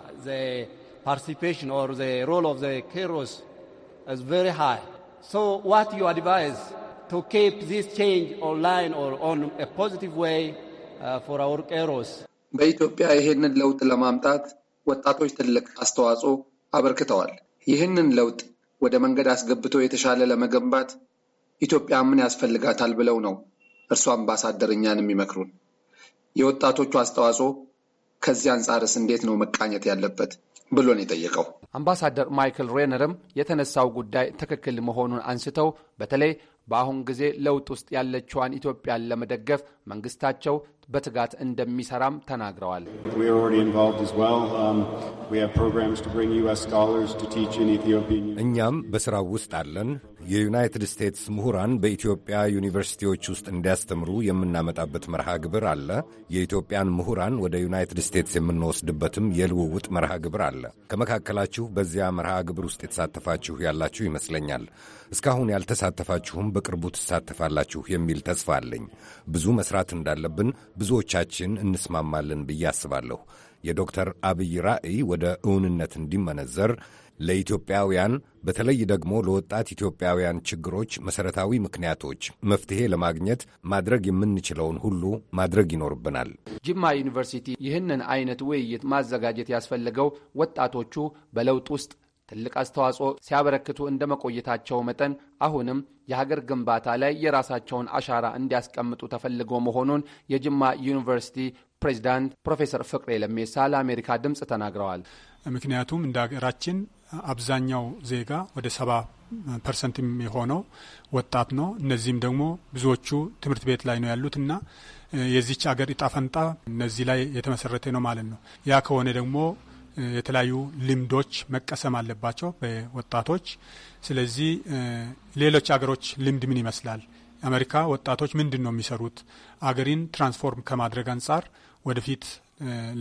በኢትዮጵያ ይህንን ለውጥ ለማምጣት ወጣቶች ትልቅ አስተዋጽኦ አበርክተዋል። ይህንን ለውጥ ወደ መንገድ አስገብቶ የተሻለ ለመገንባት ኢትዮጵያ ምን ያስፈልጋታል ብለው ነው እርሱ አምባሳደር እኛን የሚመክሩን? የወጣቶቹ አስተዋጽኦ ከዚህ አንጻርስ እንዴት ነው መቃኘት ያለበት ብሎ ነው የጠየቀው። አምባሳደር ማይክል ሬነርም የተነሳው ጉዳይ ትክክል መሆኑን አንስተው በተለይ በአሁን ጊዜ ለውጥ ውስጥ ያለችዋን ኢትዮጵያን ለመደገፍ መንግስታቸው በትጋት እንደሚሰራም ተናግረዋል።
um, እኛም በስራው ውስጥ አለን። የዩናይትድ ስቴትስ ምሁራን በኢትዮጵያ ዩኒቨርሲቲዎች ውስጥ እንዲያስተምሩ የምናመጣበት መርሃ ግብር አለ። የኢትዮጵያን ምሁራን ወደ ዩናይትድ ስቴትስ የምንወስድበትም የልውውጥ መርሃ ግብር አለ። ከመካከላችሁ በዚያ መርሃ ግብር ውስጥ የተሳተፋችሁ ያላችሁ ይመስለኛል። እስካሁን ያልተሳተፋችሁም በቅርቡ ትሳተፋላችሁ የሚል ተስፋ አለኝ። ብዙ መስራት እንዳለብን ብዙዎቻችን እንስማማለን ብዬ አስባለሁ። የዶክተር አብይ ራዕይ ወደ እውንነት እንዲመነዘር ለኢትዮጵያውያን በተለይ ደግሞ ለወጣት ኢትዮጵያውያን ችግሮች መሰረታዊ ምክንያቶች መፍትሄ ለማግኘት ማድረግ የምንችለውን ሁሉ ማድረግ ይኖርብናል።
ጅማ ዩኒቨርሲቲ ይህንን አይነት ውይይት ማዘጋጀት ያስፈለገው ወጣቶቹ በለውጥ ውስጥ ትልቅ አስተዋጽኦ ሲያበረክቱ እንደ መቆየታቸው መጠን አሁንም የሀገር ግንባታ ላይ የራሳቸውን አሻራ እንዲያስቀምጡ ተፈልጎ መሆኑን የጅማ ዩኒቨርሲቲ ፕሬዚዳንት ፕሮፌሰር ፍቅሬ ለሜሳ ለአሜሪካ ድምፅ ተናግረዋል።
ምክንያቱም እንደ ሀገራችን አብዛኛው ዜጋ ወደ ሰባ ፐርሰንት የሆነው ወጣት ነው። እነዚህም ደግሞ ብዙዎቹ ትምህርት ቤት ላይ ነው ያሉት እና የዚች ሀገር እጣ ፈንታ እነዚህ ላይ የተመሰረተ ነው ማለት ነው። ያ ከሆነ ደግሞ የተለያዩ ልምዶች መቀሰም አለባቸው በወጣቶች። ስለዚህ ሌሎች ሀገሮች ልምድ ምን ይመስላል? አሜሪካ ወጣቶች ምንድን ነው የሚሰሩት? አገሪን ትራንስፎርም ከማድረግ አንጻር ወደፊት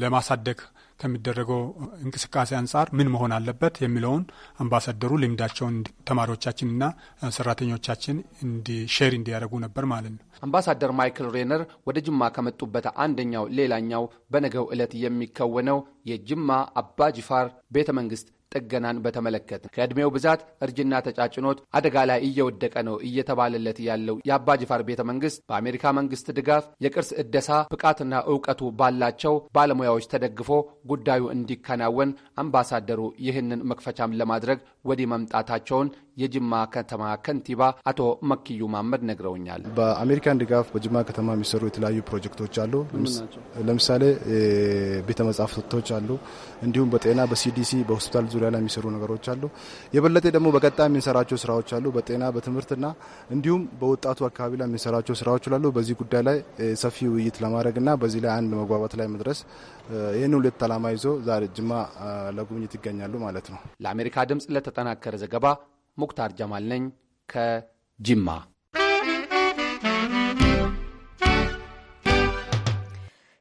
ለማሳደግ ከሚደረገው እንቅስቃሴ አንጻር ምን መሆን አለበት የሚለውን አምባሳደሩ ልምዳቸውን ተማሪዎቻችንና ሰራተኞቻችን ሼር እንዲያደርጉ ነበር ማለት ነው።
አምባሳደር ማይክል ሬነር ወደ ጅማ ከመጡበት አንደኛው ሌላኛው በነገው ዕለት የሚከወነው የጅማ አባ ጅፋር ቤተ መንግስት ጥገናን በተመለከተ ከዕድሜው ብዛት እርጅና ተጫጭኖት አደጋ ላይ እየወደቀ ነው እየተባለለት ያለው የአባ ጅፋር ቤተ መንግስት በአሜሪካ መንግስት ድጋፍ የቅርስ እደሳ ብቃትና እውቀቱ ባላቸው ባለሙያዎች ተደግፎ ጉዳዩ እንዲከናወን አምባሳደሩ ይህንን መክፈቻም ለማድረግ ወዲህ መምጣታቸውን የጅማ ከተማ ከንቲባ አቶ መክዩ ማመድ ነግረውኛል።
በአሜሪካን ድጋፍ በጅማ ከተማ የሚሰሩ የተለያዩ ፕሮጀክቶች አሉ። ለምሳሌ ቤተ መጻሕፍቶች አሉ። እንዲሁም በጤና በሲዲሲ በሆስፒታል ዙሪያ ላይ የሚሰሩ ነገሮች አሉ። የበለጠ ደግሞ በቀጣይ የምንሰራቸው ስራዎች አሉ። በጤና በትምህርትና እንዲሁም በወጣቱ አካባቢ ላይ የምንሰራቸው ስራዎች ላሉ በዚህ ጉዳይ ላይ ሰፊ ውይይት ለማድረግና በዚህ ላይ አንድ መግባባት ላይ መድረስ ይህን ሁለት ዓላማ ይዞ ዛሬ ጅማ
ለጉብኝት ይገኛሉ ማለት ነው። ለአሜሪካ ድምጽ ለተጠናከረ ዘገባ ሙክታር ጀማል ነኝ ከጅማ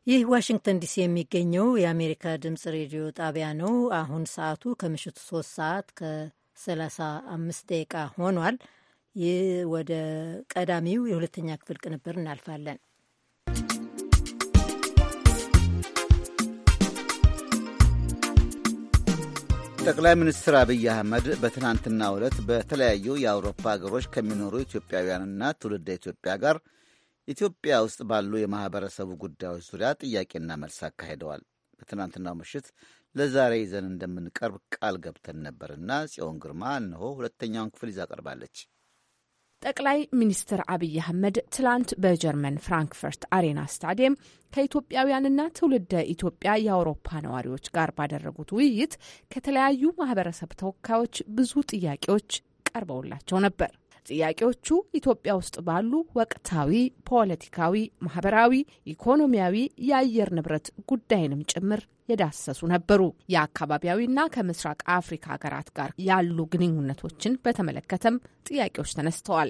ይህ ዋሽንግተን ዲሲ የሚገኘው የአሜሪካ ድምፅ ሬዲዮ ጣቢያ ነው። አሁን ሰዓቱ ከምሽቱ 3 ሰዓት ከ አምስት ደቂቃ ሆኗል። ይህ ወደ ቀዳሚው የሁለተኛ ክፍል ቅንብር እናልፋለን።
ጠቅላይ ሚኒስትር አብይ አህመድ በትናንትናው ዕለት በተለያዩ የአውሮፓ ሀገሮች ከሚኖሩ ኢትዮጵያውያንና ትውልደ ኢትዮጵያ ጋር ኢትዮጵያ ውስጥ ባሉ የማህበረሰቡ ጉዳዮች ዙሪያ ጥያቄና መልስ አካሂደዋል። በትናንትናው ምሽት ለዛሬ ይዘን እንደምንቀርብ ቃል ገብተን ነበርና ጽዮን ግርማ እነሆ ሁለተኛውን ክፍል ይዛ ቀርባለች።
ጠቅላይ ሚኒስትር አብይ አህመድ ትላንት በጀርመን ፍራንክፈርት አሬና ስታዲየም ከኢትዮጵያውያንና ትውልደ ኢትዮጵያ የአውሮፓ ነዋሪዎች ጋር ባደረጉት ውይይት ከተለያዩ ማህበረሰብ ተወካዮች ብዙ ጥያቄዎች ቀርበውላቸው ነበር። ጥያቄዎቹ ኢትዮጵያ ውስጥ ባሉ ወቅታዊ ፖለቲካዊ፣ ማህበራዊ፣ ኢኮኖሚያዊ የአየር ንብረት ጉዳይንም ጭምር የዳሰሱ ነበሩ። የአካባቢያዊና ከምስራቅ አፍሪካ ሀገራት ጋር ያሉ ግንኙነቶችን በተመለከተም ጥያቄዎች ተነስተዋል።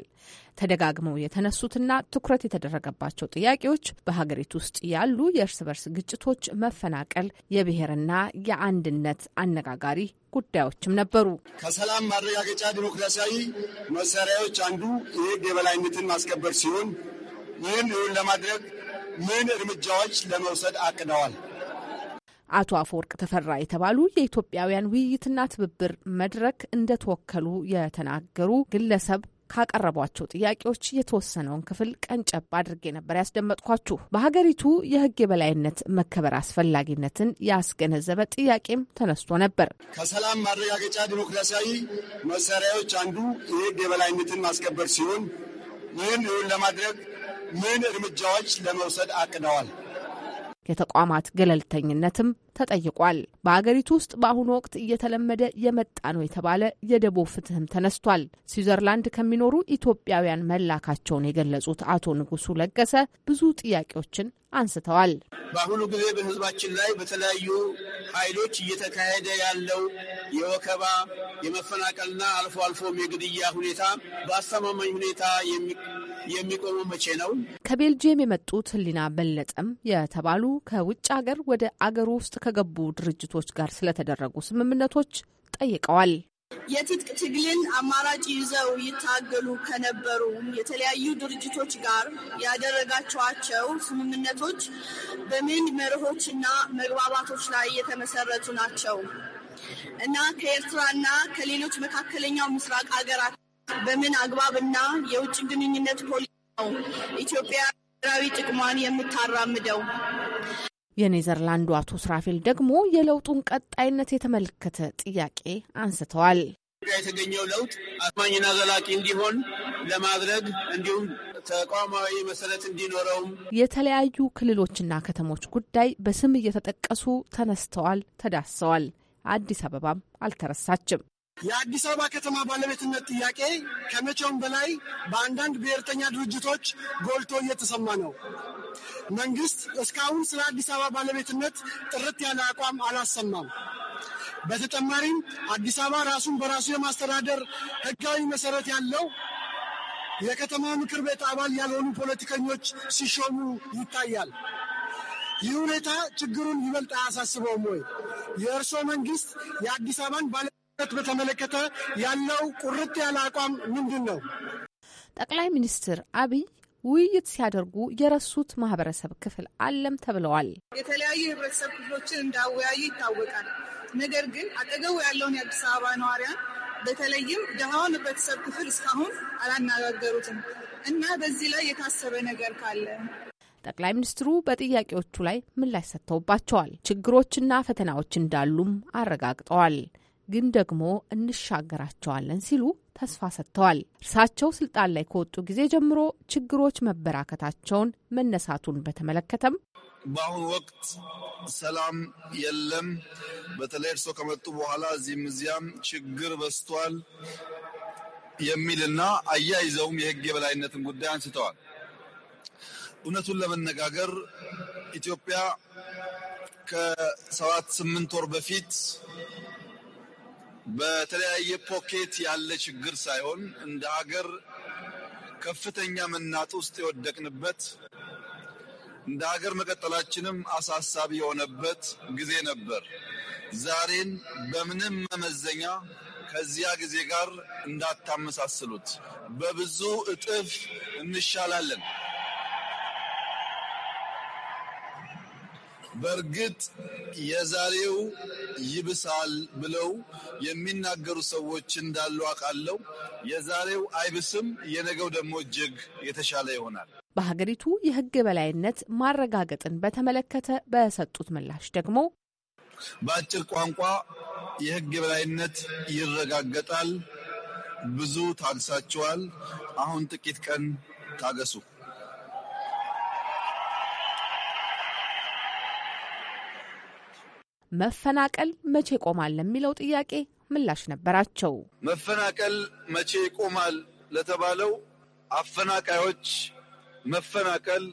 ተደጋግመው የተነሱትና ትኩረት የተደረገባቸው ጥያቄዎች በሀገሪቱ ውስጥ ያሉ የእርስ በርስ ግጭቶች፣ መፈናቀል፣ የብሔርና የአንድነት አነጋጋሪ ጉዳዮችም ነበሩ።
ከሰላም ማረጋገጫ ዲሞክራሲያዊ መሳሪያዎች አንዱ የሕግ የበላይነትን ማስከበር ሲሆን ይህን ይሁን ለማድረግ ምን እርምጃዎች ለመውሰድ አቅደዋል?
አቶ አፈወርቅ ተፈራ የተባሉ የኢትዮጵያውያን ውይይትና ትብብር መድረክ እንደተወከሉ የተናገሩ ግለሰብ ካቀረቧቸው ጥያቄዎች የተወሰነውን ክፍል ቀንጨብ አድርጌ ነበር ያስደመጥኳችሁ። በሀገሪቱ የሕግ የበላይነት መከበር አስፈላጊነትን ያስገነዘበ ጥያቄም ተነስቶ ነበር።
ከሰላም ማረጋገጫ ዲሞክራሲያዊ መሳሪያዎች አንዱ የሕግ የበላይነትን ማስከበር ሲሆን ይህን ይሁን ለማድረግ ምን እርምጃዎች ለመውሰድ አቅደዋል?
የተቋማት ገለልተኝነትም ተጠይቋል። በአገሪቱ ውስጥ በአሁኑ ወቅት እየተለመደ የመጣ ነው የተባለ የደቦ ፍትህም ተነስቷል። ስዊዘርላንድ ከሚኖሩ ኢትዮጵያውያን መላካቸውን የገለጹት አቶ ንጉሱ ለገሰ ብዙ ጥያቄዎችን አንስተዋል።
በአሁኑ ጊዜ በህዝባችን ላይ በተለያዩ ኃይሎች እየተካሄደ ያለው የወከባ የመፈናቀልና አልፎ አልፎም የግድያ ሁኔታ በአስተማማኝ ሁኔታ የሚቆሙ መቼ ነው?
ከቤልጅየም የመጡት ህሊና በለጠም የተባሉ ከውጭ ሀገር ወደ አገር ውስጥ ከገቡ ድርጅቶች ጋር ስለተደረጉ ስምምነቶች ጠይቀዋል። የትጥቅ ትግልን አማራጭ ይዘው ይታገሉ ከነበሩ የተለያዩ ድርጅቶች ጋር ያደረጋቸዋቸው ስምምነቶች በምን መርሆችና መግባባቶች ላይ የተመሰረቱ ናቸው እና ከኤርትራና ከሌሎች መካከለኛው ምስራቅ ሀገራት በምን አግባብና የውጭ ግንኙነት ፖሊሲ ነው ኢትዮጵያ ብሔራዊ ጥቅሟን የምታራምደው? የኔዘርላንዱ አቶ ስራፌል ደግሞ የለውጡን ቀጣይነት የተመለከተ ጥያቄ አንስተዋል።
የተገኘው ለውጥ አስማኝና ዘላቂ እንዲሆን ለማድረግ እንዲሁም ተቋማዊ መሰረት እንዲኖረውም
የተለያዩ ክልሎችና ከተሞች ጉዳይ በስም እየተጠቀሱ ተነስተዋል፣ ተዳሰዋል። አዲስ አበባም አልተረሳችም።
የአዲስ አበባ ከተማ ባለቤትነት ጥያቄ ከመቼውም በላይ በአንዳንድ ብሔርተኛ ድርጅቶች ጎልቶ እየተሰማ ነው። መንግስት እስካሁን ስለ አዲስ አበባ ባለቤትነት ጥርት ያለ አቋም አላሰማም። በተጨማሪም አዲስ አበባ ራሱን በራሱ የማስተዳደር ህጋዊ መሰረት ያለው የከተማው ምክር ቤት አባል ያልሆኑ ፖለቲከኞች ሲሾሙ ይታያል። ይህ ሁኔታ ችግሩን ይበልጥ አያሳስበውም ወይ? የእርስዎ መንግስት የአዲስ አበባን ባለ በተመለከተ ያለው ቁርጥ ያለ አቋም ምንድን ነው?
ጠቅላይ ሚኒስትር አብይ ውይይት ሲያደርጉ የረሱት ማህበረሰብ ክፍል አለም ተብለዋል።
የተለያዩ የህብረተሰብ ክፍሎችን እንዳወያዩ ይታወቃል። ነገር ግን አጠገቡ ያለውን የአዲስ አበባ ነዋሪያን በተለይም ድሃውን ህብረተሰብ ክፍል እስካሁን አላነጋገሩትም እና በዚህ ላይ የታሰበ ነገር ካለ
ጠቅላይ ሚኒስትሩ በጥያቄዎቹ ላይ ምላሽ ሰጥተውባቸዋል። ችግሮችና ፈተናዎች እንዳሉም አረጋግጠዋል። ግን ደግሞ እንሻገራቸዋለን ሲሉ ተስፋ ሰጥተዋል። እርሳቸው ስልጣን ላይ ከወጡ ጊዜ ጀምሮ ችግሮች መበራከታቸውን መነሳቱን በተመለከተም
በአሁኑ ወቅት ሰላም የለም። በተለይ እርሶ ከመጡ በኋላ እዚህም እዚያም ችግር በስቷል የሚልና አያይዘውም የሕግ የበላይነትን ጉዳይ አንስተዋል። እውነቱን ለመነጋገር ኢትዮጵያ ከሰባት ስምንት ወር በፊት በተለያየ ፖኬት ያለ ችግር ሳይሆን እንደ ሀገር ከፍተኛ መናጥ ውስጥ የወደቅንበት እንደ ሀገር መቀጠላችንም አሳሳቢ የሆነበት ጊዜ ነበር። ዛሬን በምንም መመዘኛ ከዚያ ጊዜ ጋር እንዳታመሳስሉት፣ በብዙ እጥፍ እንሻላለን። በእርግጥ የዛሬው ይብሳል ብለው የሚናገሩ ሰዎች እንዳሉ አውቃለሁ። የዛሬው አይብስም፣ የነገው ደግሞ እጅግ የተሻለ ይሆናል።
በሀገሪቱ የሕግ የበላይነት ማረጋገጥን በተመለከተ በሰጡት ምላሽ ደግሞ
በአጭር ቋንቋ የሕግ የበላይነት ይረጋገጣል። ብዙ ታግሳችኋል። አሁን ጥቂት ቀን ታገሱ።
መፈናቀል መቼ ይቆማል ለሚለው ጥያቄ ምላሽ ነበራቸው።
መፈናቀል መቼ ይቆማል ለተባለው አፈናቃዮች መፈናቀል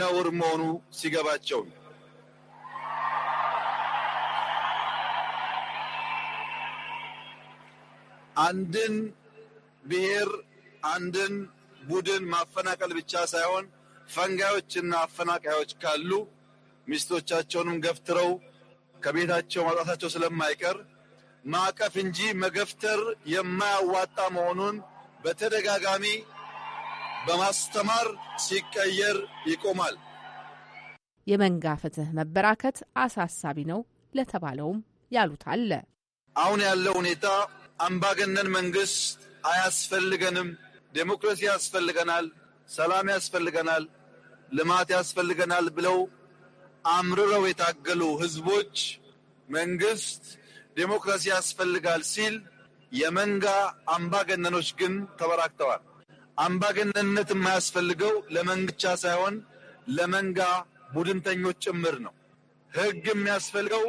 ነውር መሆኑ ሲገባቸው አንድን ብሔር አንድን ቡድን ማፈናቀል ብቻ ሳይሆን ፈንጋዮችና አፈናቃዮች ካሉ ሚስቶቻቸውንም ገፍትረው ከቤታቸው ማውጣታቸው ስለማይቀር ማዕቀፍ እንጂ መገፍተር የማያዋጣ መሆኑን በተደጋጋሚ በማስተማር ሲቀየር ይቆማል።
የመንጋ ፍትህ መበራከት አሳሳቢ ነው ለተባለውም ያሉት አለ።
አሁን ያለው ሁኔታ አምባገነን መንግስት አያስፈልገንም፣ ዴሞክራሲ ያስፈልገናል፣ ሰላም ያስፈልገናል፣ ልማት ያስፈልገናል ብለው አምርረው የታገሉ ህዝቦች መንግስት ዴሞክራሲ ያስፈልጋል ሲል የመንጋ አምባገነኖች ግን ተበራክተዋል። አምባገነንነት የማያስፈልገው ለመንግቻ ሳይሆን ለመንጋ ቡድንተኞች ጭምር ነው። ህግ የሚያስፈልገው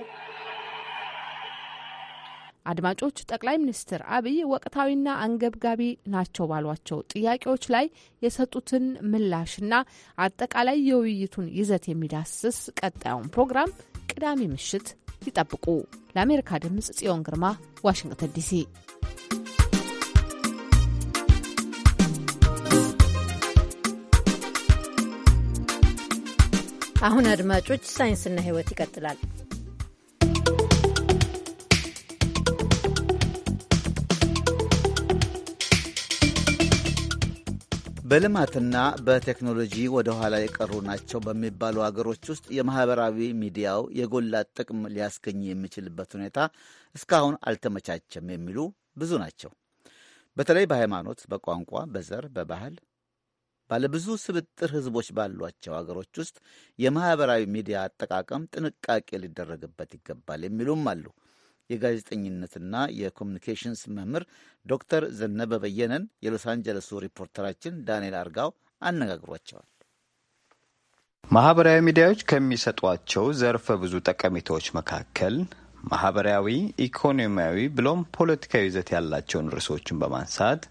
አድማጮች ጠቅላይ ሚኒስትር አብይ ወቅታዊና አንገብጋቢ ናቸው ባሏቸው ጥያቄዎች ላይ የሰጡትን ምላሽና አጠቃላይ የውይይቱን ይዘት የሚዳስስ ቀጣዩን ፕሮግራም ቅዳሜ ምሽት ይጠብቁ። ለአሜሪካ ድምፅ ጽዮን ግርማ፣ ዋሽንግተን ዲሲ። አሁን
አድማጮች ሳይንስና ሕይወት ይቀጥላል።
በልማትና በቴክኖሎጂ ወደ ኋላ የቀሩ ናቸው በሚባሉ ሀገሮች ውስጥ የማህበራዊ ሚዲያው የጎላ ጥቅም ሊያስገኝ የሚችልበት ሁኔታ እስካሁን አልተመቻቸም የሚሉ ብዙ ናቸው። በተለይ በሃይማኖት፣ በቋንቋ፣ በዘር፣ በባህል ባለብዙ ስብጥር ህዝቦች ባሏቸው ሀገሮች ውስጥ የማህበራዊ ሚዲያ አጠቃቀም ጥንቃቄ ሊደረግበት ይገባል የሚሉም አሉ። የጋዜጠኝነትና የኮሚኒኬሽንስ መምህር ዶክተር ዘነበ በየነን የሎስ አንጀለሱ ሪፖርተራችን ዳንኤል አርጋው አነጋግሯቸዋል።
ማህበራዊ ሚዲያዎች ከሚሰጧቸው ዘርፈ ብዙ ጠቀሜታዎች መካከል ማህበራዊ፣ ኢኮኖሚያዊ ብሎም ፖለቲካዊ ይዘት ያላቸውን ርዕሶችን በማንሳት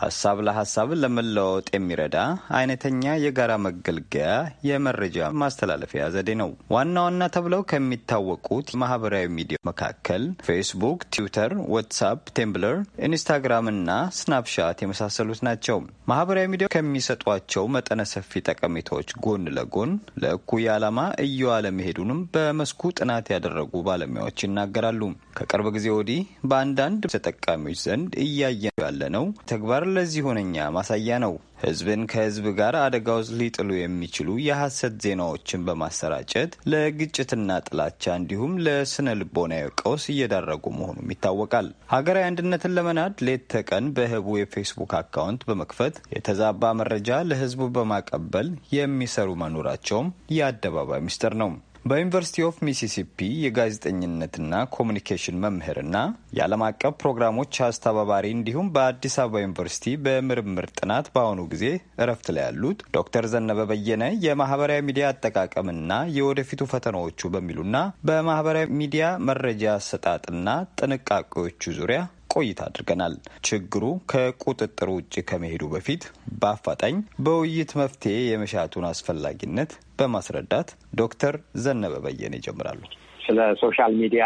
ሀሳብ ለሀሳብ ለመለዋወጥ የሚረዳ አይነተኛ የጋራ መገልገያ የመረጃ ማስተላለፊያ ዘዴ ነው። ዋና ዋና ተብለው ከሚታወቁት ማህበራዊ ሚዲያ መካከል ፌስቡክ፣ ትዊተር፣ ዋትሳፕ፣ ቴምብለር፣ ኢንስታግራም እና ስናፕሻት የመሳሰሉት ናቸው። ማህበራዊ ሚዲያ ከሚሰጧቸው መጠነ ሰፊ ጠቀሜታዎች ጎን ለጎን ለእኩይ ዓላማ እየዋለ መሄዱንም በመስኩ ጥናት ያደረጉ ባለሙያዎች ይናገራሉ። ከቅርብ ጊዜ ወዲህ በአንዳንድ ተጠቃሚዎች ዘንድ እያየ ያለ ነው ተግባር ተግባር ለዚህ ሁነኛ ማሳያ ነው። ህዝብን ከህዝብ ጋር አደጋ ውስጥ ሊጥሉ የሚችሉ የሐሰት ዜናዎችን በማሰራጨት ለግጭትና ጥላቻ እንዲሁም ለስነ ልቦናዊ ቀውስ እየዳረጉ መሆኑም ይታወቃል። ሀገራዊ አንድነትን ለመናድ ሌት ተቀን በህቡ የፌስቡክ አካውንት በመክፈት የተዛባ መረጃ ለህዝቡ በማቀበል የሚሰሩ መኖራቸውም የአደባባይ ምስጢር ነው። በዩኒቨርሲቲ ኦፍ ሚሲሲፒ የጋዜጠኝነትና ኮሚኒኬሽን መምህርና የዓለም አቀፍ ፕሮግራሞች አስተባባሪ እንዲሁም በአዲስ አበባ ዩኒቨርሲቲ በምርምር ጥናት በአሁኑ ጊዜ እረፍት ላይ ያሉት ዶክተር ዘነበ በየነ የማህበራዊ ሚዲያ አጠቃቀምና የወደፊቱ ፈተናዎቹ በሚሉና በማህበራዊ ሚዲያ መረጃ አሰጣጥና ጥንቃቄዎቹ ዙሪያ ቆይታ አድርገናል። ችግሩ ከቁጥጥር ውጭ ከመሄዱ በፊት በአፋጣኝ በውይይት መፍትሄ የመሻቱን አስፈላጊነት በማስረዳት ዶክተር ዘነበ
በየነ ይጀምራሉ። ስለ ሶሻል ሚዲያ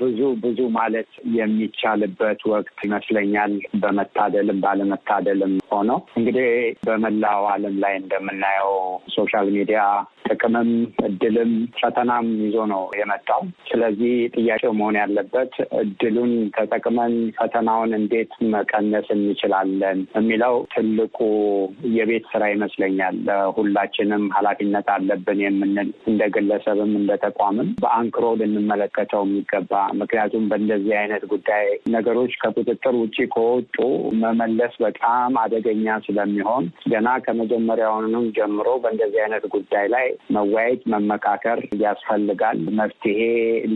ብዙ ብዙ ማለት የሚቻልበት ወቅት ይመስለኛል። በመታደልም ባለመታደልም ሆኖ እንግዲህ በመላው ዓለም ላይ እንደምናየው ሶሻል ሚዲያ ጥቅምም፣ እድልም ፈተናም ይዞ ነው የመጣው። ስለዚህ ጥያቄው መሆን ያለበት እድሉን ተጠቅመን ፈተናውን እንዴት መቀነስ እንችላለን የሚለው ትልቁ የቤት ስራ ይመስለኛል። ሁላችንም ኃላፊነት አለብን የምንል እንደ ግለሰብም እንደ ተቋምም በአንክሮ ጨምሮ ልንመለከተው የሚገባ ምክንያቱም በእንደዚህ አይነት ጉዳይ ነገሮች ከቁጥጥር ውጭ ከወጡ መመለስ በጣም አደገኛ ስለሚሆን ገና ከመጀመሪያውንም ጀምሮ በእንደዚህ አይነት ጉዳይ ላይ መወያየት፣ መመካከር ያስፈልጋል። መፍትሄ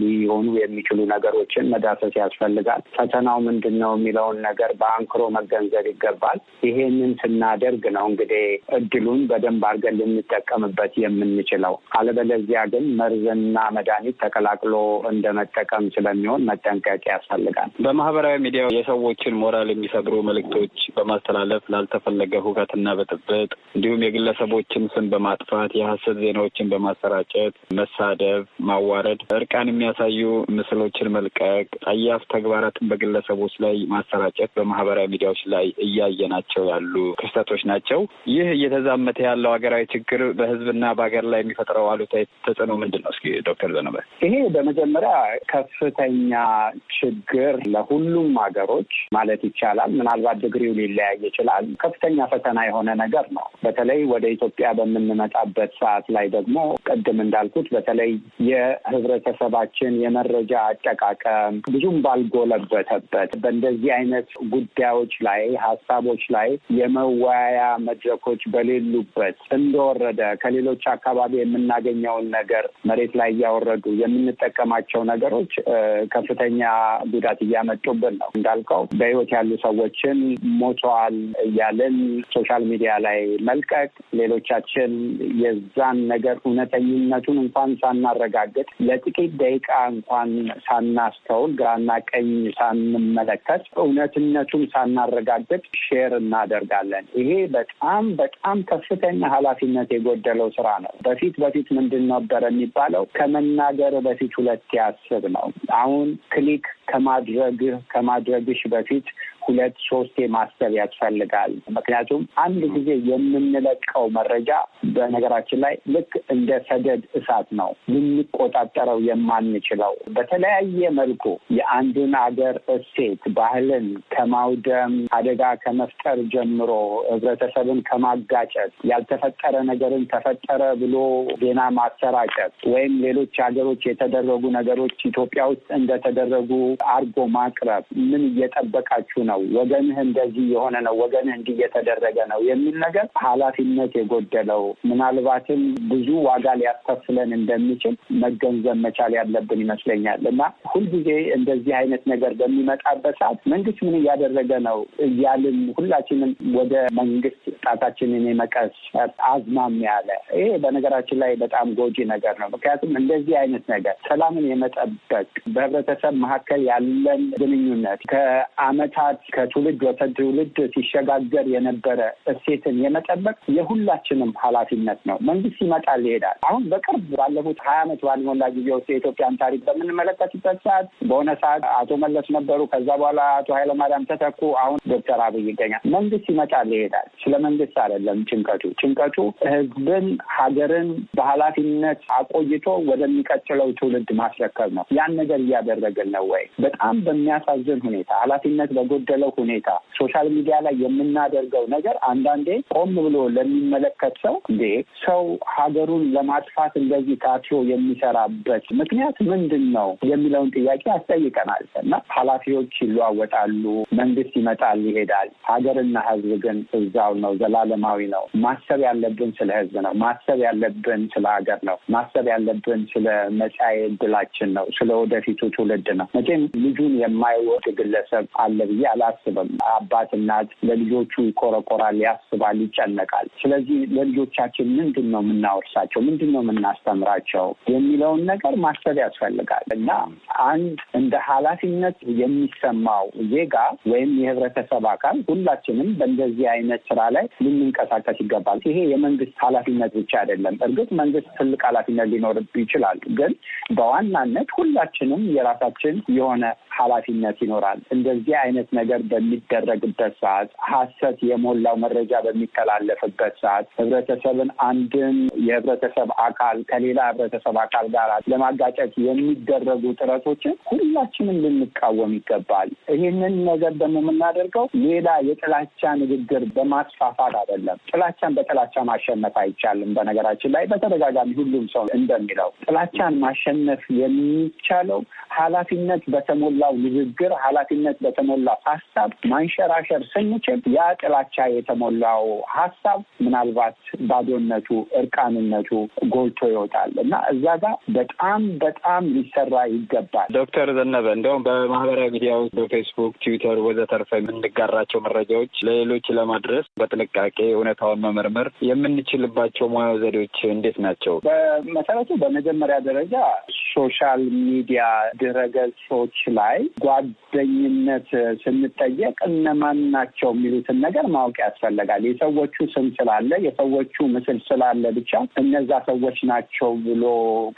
ሊሆኑ የሚችሉ ነገሮችን መዳሰስ ያስፈልጋል። ፈተናው ምንድን ነው የሚለውን ነገር በአንክሮ መገንዘብ ይገባል። ይሄንን ስናደርግ ነው እንግዲህ እድሉን በደንብ አድርገን ልንጠቀምበት የምንችለው። አለበለዚያ ግን መርዝና መድኃኒት ተቀ ተቀላቅሎ እንደ መጠቀም ስለሚሆን መጠንቀቅ ያስፈልጋል።
በማህበራዊ ሚዲያ የሰዎችን ሞራል የሚሰብሩ መልእክቶች በማስተላለፍ ላልተፈለገ ሁከትና ብጥብጥ እንዲሁም የግለሰቦችን ስም በማጥፋት የሀሰት ዜናዎችን በማሰራጨት መሳደብ፣ ማዋረድ፣ እርቃን የሚያሳዩ ምስሎችን መልቀቅ፣ ጸያፍ ተግባራትን በግለሰቦች ላይ ማሰራጨት በማህበራዊ ሚዲያዎች ላይ እያየናቸው ያሉ
ክስተቶች ናቸው። ይህ እየተዛመተ ያለው ሀገራዊ ችግር በህዝብና በሀገር ላይ የሚፈጥረው አሉታዊ ተጽዕኖ ምንድን ነው? እስኪ ዶክተር ዘነበ ይሄ በመጀመሪያ ከፍተኛ ችግር ለሁሉም ሀገሮች ማለት ይቻላል። ምናልባት ድግሪው ሊለያይ ይችላል። ከፍተኛ ፈተና የሆነ ነገር ነው። በተለይ ወደ ኢትዮጵያ በምንመጣበት ሰዓት ላይ ደግሞ ቅድም እንዳልኩት በተለይ የህብረተሰባችን የመረጃ አጠቃቀም ብዙም ባልጎለበተበት በእንደዚህ አይነት ጉዳዮች ላይ ሀሳቦች ላይ የመወያያ መድረኮች በሌሉበት እንደወረደ ከሌሎች አካባቢ የምናገኘውን ነገር መሬት ላይ እያወረዱ የሚ የምንጠቀማቸው ነገሮች ከፍተኛ ጉዳት እያመጡብን ነው። እንዳልከው በህይወት ያሉ ሰዎችን ሞተዋል እያልን ሶሻል ሚዲያ ላይ መልቀቅ፣ ሌሎቻችን የዛን ነገር እውነተኝነቱን እንኳን ሳናረጋግጥ ለጥቂት ደቂቃ እንኳን ሳናስተውል፣ ግራና ቀኝ ሳንመለከት፣ እውነትነቱን ሳናረጋግጥ ሼር እናደርጋለን። ይሄ በጣም በጣም ከፍተኛ ኃላፊነት የጎደለው ስራ ነው። በፊት በፊት ምንድን ነበር የሚባለው ከመናገር በፊት ሁለት ያስብ ነው። አሁን ክሊክ ከማድረግህ ከማድረግሽ በፊት ሁለት ሶስቴ ማሰብ ያስፈልጋል። ምክንያቱም አንድ ጊዜ የምንለቀው መረጃ በነገራችን ላይ ልክ እንደ ሰደድ እሳት ነው ልንቆጣጠረው የማንችለው። በተለያየ መልኩ የአንድን አገር እሴት ባህልን ከማውደም አደጋ ከመፍጠር ጀምሮ ህብረተሰብን ከማጋጨት ያልተፈጠረ ነገርን ተፈጠረ ብሎ ዜና ማሰራጨት ወይም ሌሎች ሀገሮች የተደረጉ ነገሮች ኢትዮጵያ ውስጥ እንደተደረጉ አርጎ ማቅረብ ምን እየጠበቃችሁ ነው? ነው፣ ወገንህ እንደዚህ የሆነ ነው፣ ወገንህ እንዲህ እየተደረገ ነው የሚል ነገር ኃላፊነት የጎደለው ምናልባትም ብዙ ዋጋ ሊያስከፍለን እንደሚችል መገንዘብ መቻል ያለብን ይመስለኛል እና ሁልጊዜ እንደዚህ አይነት ነገር በሚመጣበት ሰዓት መንግስት ምን እያደረገ ነው እያልን ሁላችንም ወደ መንግስት ጣታችንን የመቀስ አዝማም ያለ ይሄ በነገራችን ላይ በጣም ጎጂ ነገር ነው። ምክንያቱም እንደዚህ አይነት ነገር ሰላምን የመጠበቅ በህብረተሰብ መካከል ያለን ግንኙነት ከአመታት ከትውልድ ወደ ትውልድ ሲሸጋገር የነበረ እሴትን የመጠበቅ የሁላችንም ኃላፊነት ነው። መንግስት ይመጣል ይሄዳል። አሁን በቅርብ ባለፉት ሀያ አመት ባልሞላ ጊዜ ውስጥ የኢትዮጵያን ታሪክ በምንመለከትበት ሰዓት በሆነ ሰዓት አቶ መለስ ነበሩ። ከዛ በኋላ አቶ ኃይለማርያም ተተኩ። አሁን ዶክተር አብይ ይገኛል። መንግስት ይመጣል ይሄዳል። ስለ መንግስት አይደለም ጭንቀቱ። ጭንቀቱ ህዝብን፣ ሀገርን በኃላፊነት አቆይቶ ወደሚቀጥለው ትውልድ ማስረከብ ነው። ያን ነገር እያደረግን ነው ወይ? በጣም በሚያሳዝን ሁኔታ ኃላፊነት በጎደ በጎደለው ሁኔታ ሶሻል ሚዲያ ላይ የምናደርገው ነገር አንዳንዴ ቆም ብሎ ለሚመለከት ሰው እንዴ ሰው ሀገሩን ለማጥፋት እንደዚህ ታትሮ የሚሰራበት ምክንያት ምንድን ነው የሚለውን ጥያቄ አስጠይቀናል እና ኃላፊዎች ይለዋወጣሉ፣ መንግስት ይመጣል ይሄዳል። ሀገርና ህዝብ ግን እዛው ነው፣ ዘላለማዊ ነው። ማሰብ ያለብን ስለ ህዝብ ነው። ማሰብ ያለብን ስለ ሀገር ነው። ማሰብ ያለብን ስለ መጻኤ ዕድላችን ነው፣ ስለ ወደፊቱ ትውልድ ነው። መቼም ልጁን የማይወድ ግለሰብ አለ ብዬ አላስብም። አባት እናት ለልጆቹ ይኮረኮራል፣ ያስባል፣ ይጨነቃል። ስለዚህ ለልጆቻችን ምንድን ነው የምናወርሳቸው፣ ምንድን ነው የምናስተምራቸው የሚለውን ነገር ማሰብ ያስፈልጋል እና አንድ እንደ ኃላፊነት የሚሰማው ዜጋ ወይም የህብረተሰብ አካል ሁላችንም በእንደዚህ አይነት ስራ ላይ ልንንቀሳቀስ ይገባል። ይሄ የመንግስት ኃላፊነት ብቻ አይደለም። እርግጥ መንግስት ትልቅ ኃላፊነት ሊኖርብ ይችላል፣ ግን በዋናነት ሁላችንም የራሳችን የሆነ ኃላፊነት ይኖራል። እንደዚህ አይነት ነገር በሚደረግበት ሰዓት፣ ሀሰት የሞላው መረጃ በሚተላለፍበት ሰዓት ህብረተሰብን አንድን የህብረተሰብ አካል ከሌላ ህብረተሰብ አካል ጋር ለማጋጨት የሚደረጉ ጥረቶችን ሁላችንም ልንቃወም ይገባል። ይህንን ነገር ደግሞ የምናደርገው ሌላ የጥላቻ ንግግር በማስፋፋት አይደለም። ጥላቻን በጥላቻ ማሸነፍ አይቻልም። በነገራችን ላይ በተደጋጋሚ ሁሉም ሰው እንደሚለው ጥላቻን ማሸነፍ የሚቻለው ኃላፊነት በተሞላ በተሞላው ንግግር፣ ኃላፊነት በተሞላ ሀሳብ ማንሸራሸር ስንችል ያ ጥላቻ የተሞላው ሀሳብ ምናልባት ባዶነቱ፣ እርቃንነቱ ጎልቶ ይወጣል እና እዛ ጋር በጣም በጣም ሊሰራ ይገባል።
ዶክተር ዘነበ እንዲያውም በማህበራዊ ሚዲያ ውስጥ በፌስቡክ፣ ትዊተር ወዘተርፈ የምንጋራቸው መረጃዎች ለሌሎች ለማድረስ በጥንቃቄ
እውነታውን መመርመር የምንችልባቸው ሙያ ዘዴዎች እንዴት ናቸው? በመሰረቱ በመጀመሪያ ደረጃ ሶሻል ሚዲያ ድረገጾች ላይ ላይ ጓደኝነት ስንጠየቅ እነማን ናቸው የሚሉትን ነገር ማወቅ ያስፈልጋል። የሰዎቹ ስም ስላለ የሰዎቹ ምስል ስላለ ብቻ እነዛ ሰዎች ናቸው ብሎ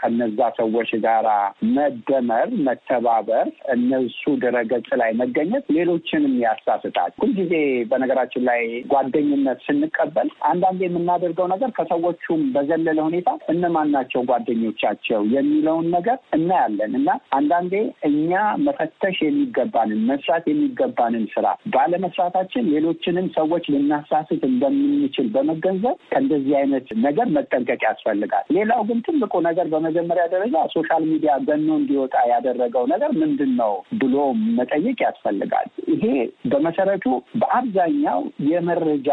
ከነዛ ሰዎች ጋራ መደመር፣ መተባበር፣ እነሱ ድረገጽ ላይ መገኘት ሌሎችንም ያሳስታል። ሁልጊዜ በነገራችን ላይ ጓደኝነት ስንቀበል አንዳንዴ የምናደርገው ነገር ከሰዎቹም በዘለለ ሁኔታ እነማን ናቸው ጓደኞቻቸው የሚለውን ነገር እናያለን እና አንዳንዴ እኛ መተ መፈተሽ የሚገባንን መስራት የሚገባንን ስራ ባለመስራታችን ሌሎችንም ሰዎች ልናሳስት እንደምንችል በመገንዘብ ከእንደዚህ አይነት ነገር መጠንቀቅ ያስፈልጋል። ሌላው ግን ትልቁ ነገር በመጀመሪያ ደረጃ ሶሻል ሚዲያ ገኖ እንዲወጣ ያደረገው ነገር ምንድን ነው ብሎ መጠየቅ ያስፈልጋል። ይሄ በመሰረቱ በአብዛኛው የመረጃ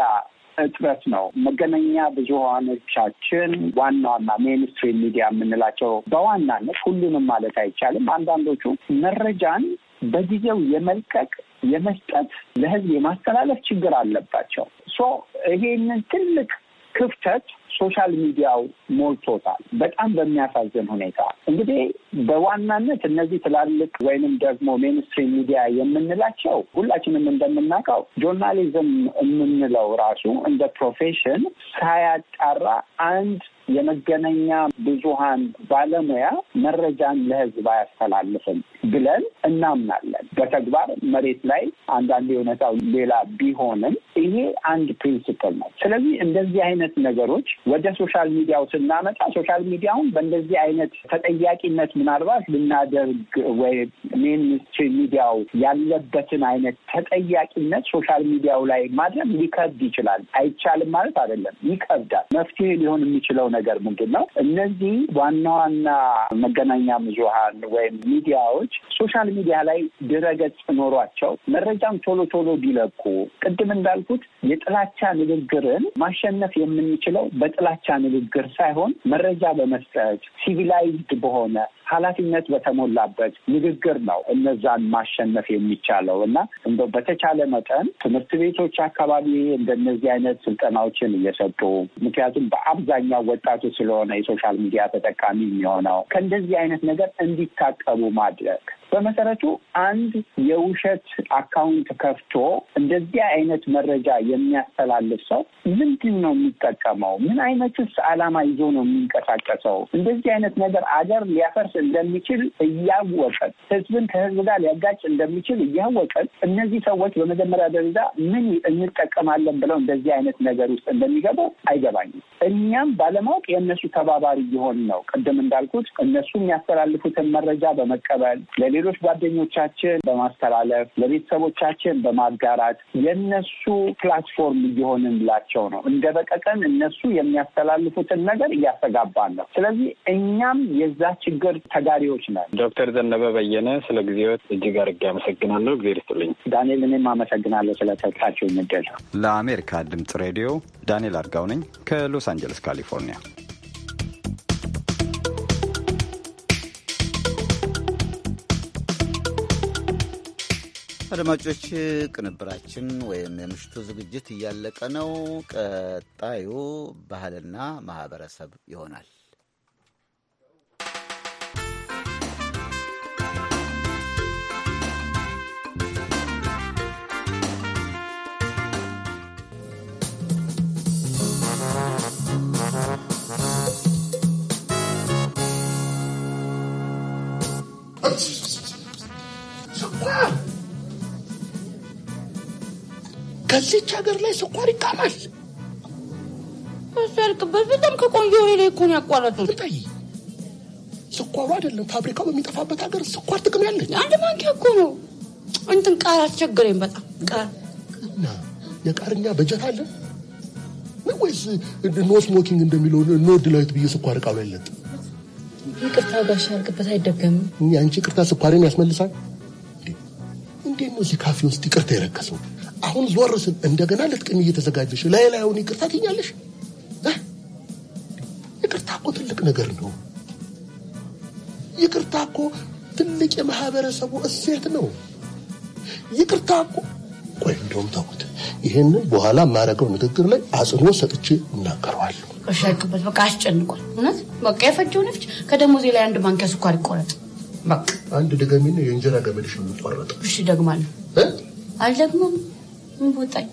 እጥረት ነው። መገናኛ ብዙሃኖቻችን ዋና ዋና ሜንስትሪም ሚዲያ የምንላቸው በዋናነት ሁሉንም ማለት አይቻልም፣ አንዳንዶቹ መረጃን በጊዜው የመልቀቅ የመስጠት፣ ለህዝብ የማስተላለፍ ችግር አለባቸው። ሶ ይሄንን ትልቅ ክፍተት ሶሻል ሚዲያው ሞልቶታል በጣም በሚያሳዝን ሁኔታ። እንግዲህ በዋናነት እነዚህ ትላልቅ ወይንም ደግሞ ሜንስትሪም ሚዲያ የምንላቸው ሁላችንም እንደምናውቀው ጆርናሊዝም የምንለው ራሱ እንደ ፕሮፌሽን ሳያጣራ አንድ የመገናኛ ብዙሃን ባለሙያ መረጃን ለህዝብ አያስተላልፍም ብለን እናምናለን። በተግባር መሬት ላይ አንዳንድ የእውነታው ሌላ ቢሆንም ይሄ አንድ ፕሪንስፕል ነው። ስለዚህ እንደዚህ አይነት ነገሮች ወደ ሶሻል ሚዲያው ስናመጣ ሶሻል ሚዲያውን በእንደዚህ አይነት ተጠያቂነት ምናልባት ልናደርግ ወይ ሜንስትሪም ሚዲያው ያለበትን አይነት ተጠያቂነት ሶሻል ሚዲያው ላይ ማድረግ ሊከብድ ይችላል። አይቻልም ማለት አይደለም፣ ይከብዳል። መፍትሄ ሊሆን የሚችለው ነገር ምንድን ነው? እነዚህ ዋና ዋና መገናኛ ብዙሀን ወይም ሚዲያዎች ሶሻል ሚዲያ ላይ ድረገጽ ኖሯቸው መረጃም ቶሎ ቶሎ ቢለቁ፣ ቅድም እንዳልኩት የጥላቻ ንግግርን ማሸነፍ የምንችለው በጥላቻ ንግግር ሳይሆን መረጃ በመስጠት ሲቪላይዝድ በሆነ ኃላፊነት በተሞላበት ንግግር ነው እነዛን ማሸነፍ የሚቻለው እና እንደ በተቻለ መጠን ትምህርት ቤቶች አካባቢ እንደነዚህ አይነት ስልጠናዎችን እየሰጡ ምክንያቱም በአብዛኛው ወጣቱ ስለሆነ የሶሻል ሚዲያ ተጠቃሚ የሚሆነው ከእንደዚህ አይነት ነገር እንዲታቀቡ ማድረግ በመሰረቱ አንድ የውሸት አካውንት ከፍቶ እንደዚህ አይነት መረጃ የሚያስተላልፍ ሰው ምንድን ነው የሚጠቀመው? ምን አይነትስ አላማ ይዞ ነው የሚንቀሳቀሰው? እንደዚህ አይነት ነገር አገር ሊያፈርስ እንደሚችል እያወቀን፣ ህዝብን ከህዝብ ጋር ሊያጋጭ እንደሚችል እያወቀን እነዚህ ሰዎች በመጀመሪያ ደረጃ ምን እንጠቀማለን ብለው እንደዚህ አይነት ነገር ውስጥ እንደሚገቡ አይገባኝም። እኛም ባለማወቅ የእነሱ ተባባሪ እየሆን ነው። ቅድም እንዳልኩት እነሱ የሚያስተላልፉትን መረጃ በመቀበል ለሌ ለሌሎች ጓደኞቻችን በማስተላለፍ ለቤተሰቦቻችን በማጋራት የነሱ ፕላትፎርም እየሆንንላቸው ነው። እንደ በቀቀን እነሱ የሚያስተላልፉትን ነገር እያስተጋባን ነው። ስለዚህ እኛም የዛ ችግር ተጋሪዎች ነን።
ዶክተር ዘነበ በየነ ስለ ጊዜዎት እጅግ አድርጌ አመሰግናለሁ። ጊዜ ይስጥልኝ ዳንኤል። እኔም አመሰግናለሁ ስለሰጣቸው ይመደል። ለአሜሪካ ድምጽ ሬዲዮ ዳንኤል አርጋው ነኝ ከሎስ አንጀለስ ካሊፎርኒያ።
አድማጮች ቅንብራችን ወይም የምሽቱ ዝግጅት እያለቀ ነው። ቀጣዩ ባህልና ማህበረሰብ ይሆናል።
Ah!
ከዚች ሀገር ላይ ስኳር ይቃማል።
ሲያልቅበት በጣም ከቆየ ሌላ ኮን ያቋረጡ ጠይ ስኳሩ አይደለም ፋብሪካው በሚጠፋበት ሀገር ስኳር ጥቅም ያለ አንድ ማንኪያ እኮ ነው።
እንትን ቃር አስቸግረኝ በጣም ቃር
የቃርኛ በጀት አለ ወይስ ኖ ስሞኪንግ እንደሚለው ኖ ድላዊት ብዬ ስኳር ቃሉ አይለጥ። ይቅርታ ጋሻ ያልቅበት አይደገምም። የአንቺ ቅርታ ስኳሬን ያስመልሳል። እንዴት ነው እዚህ ካፌ ውስጥ ይቅርታ የረከሰው? አሁን ዞር ስል እንደገና ልትቅም እየተዘጋጀሽ ላይላዩን ይቅርታ ትኛለሽ። ይቅርታ እኮ ትልቅ ነገር ነው። ይቅርታ እኮ ትልቅ የማህበረሰቡ እሴት ነው። ይቅርታ እኮ ቆይ እንደውም ተውት። ይህንን በኋላ የማደርገው ንግግር ላይ አጽንኦት ሰጥቼ እናገረዋለሁ።
እሸግበት በቃ አስጨንቋል። እውነት በቃ የፈጀው ነፍች ከደሞዜ ላይ አንድ ማንኪያ ስኳር ይቆረጥ።
በቃ አንድ ድገሚ ነው የእንጀራ ገመድሽ የሚቆረጠው።
እሺ ደግማለሁ። አልደግሞም እንቦጣኝ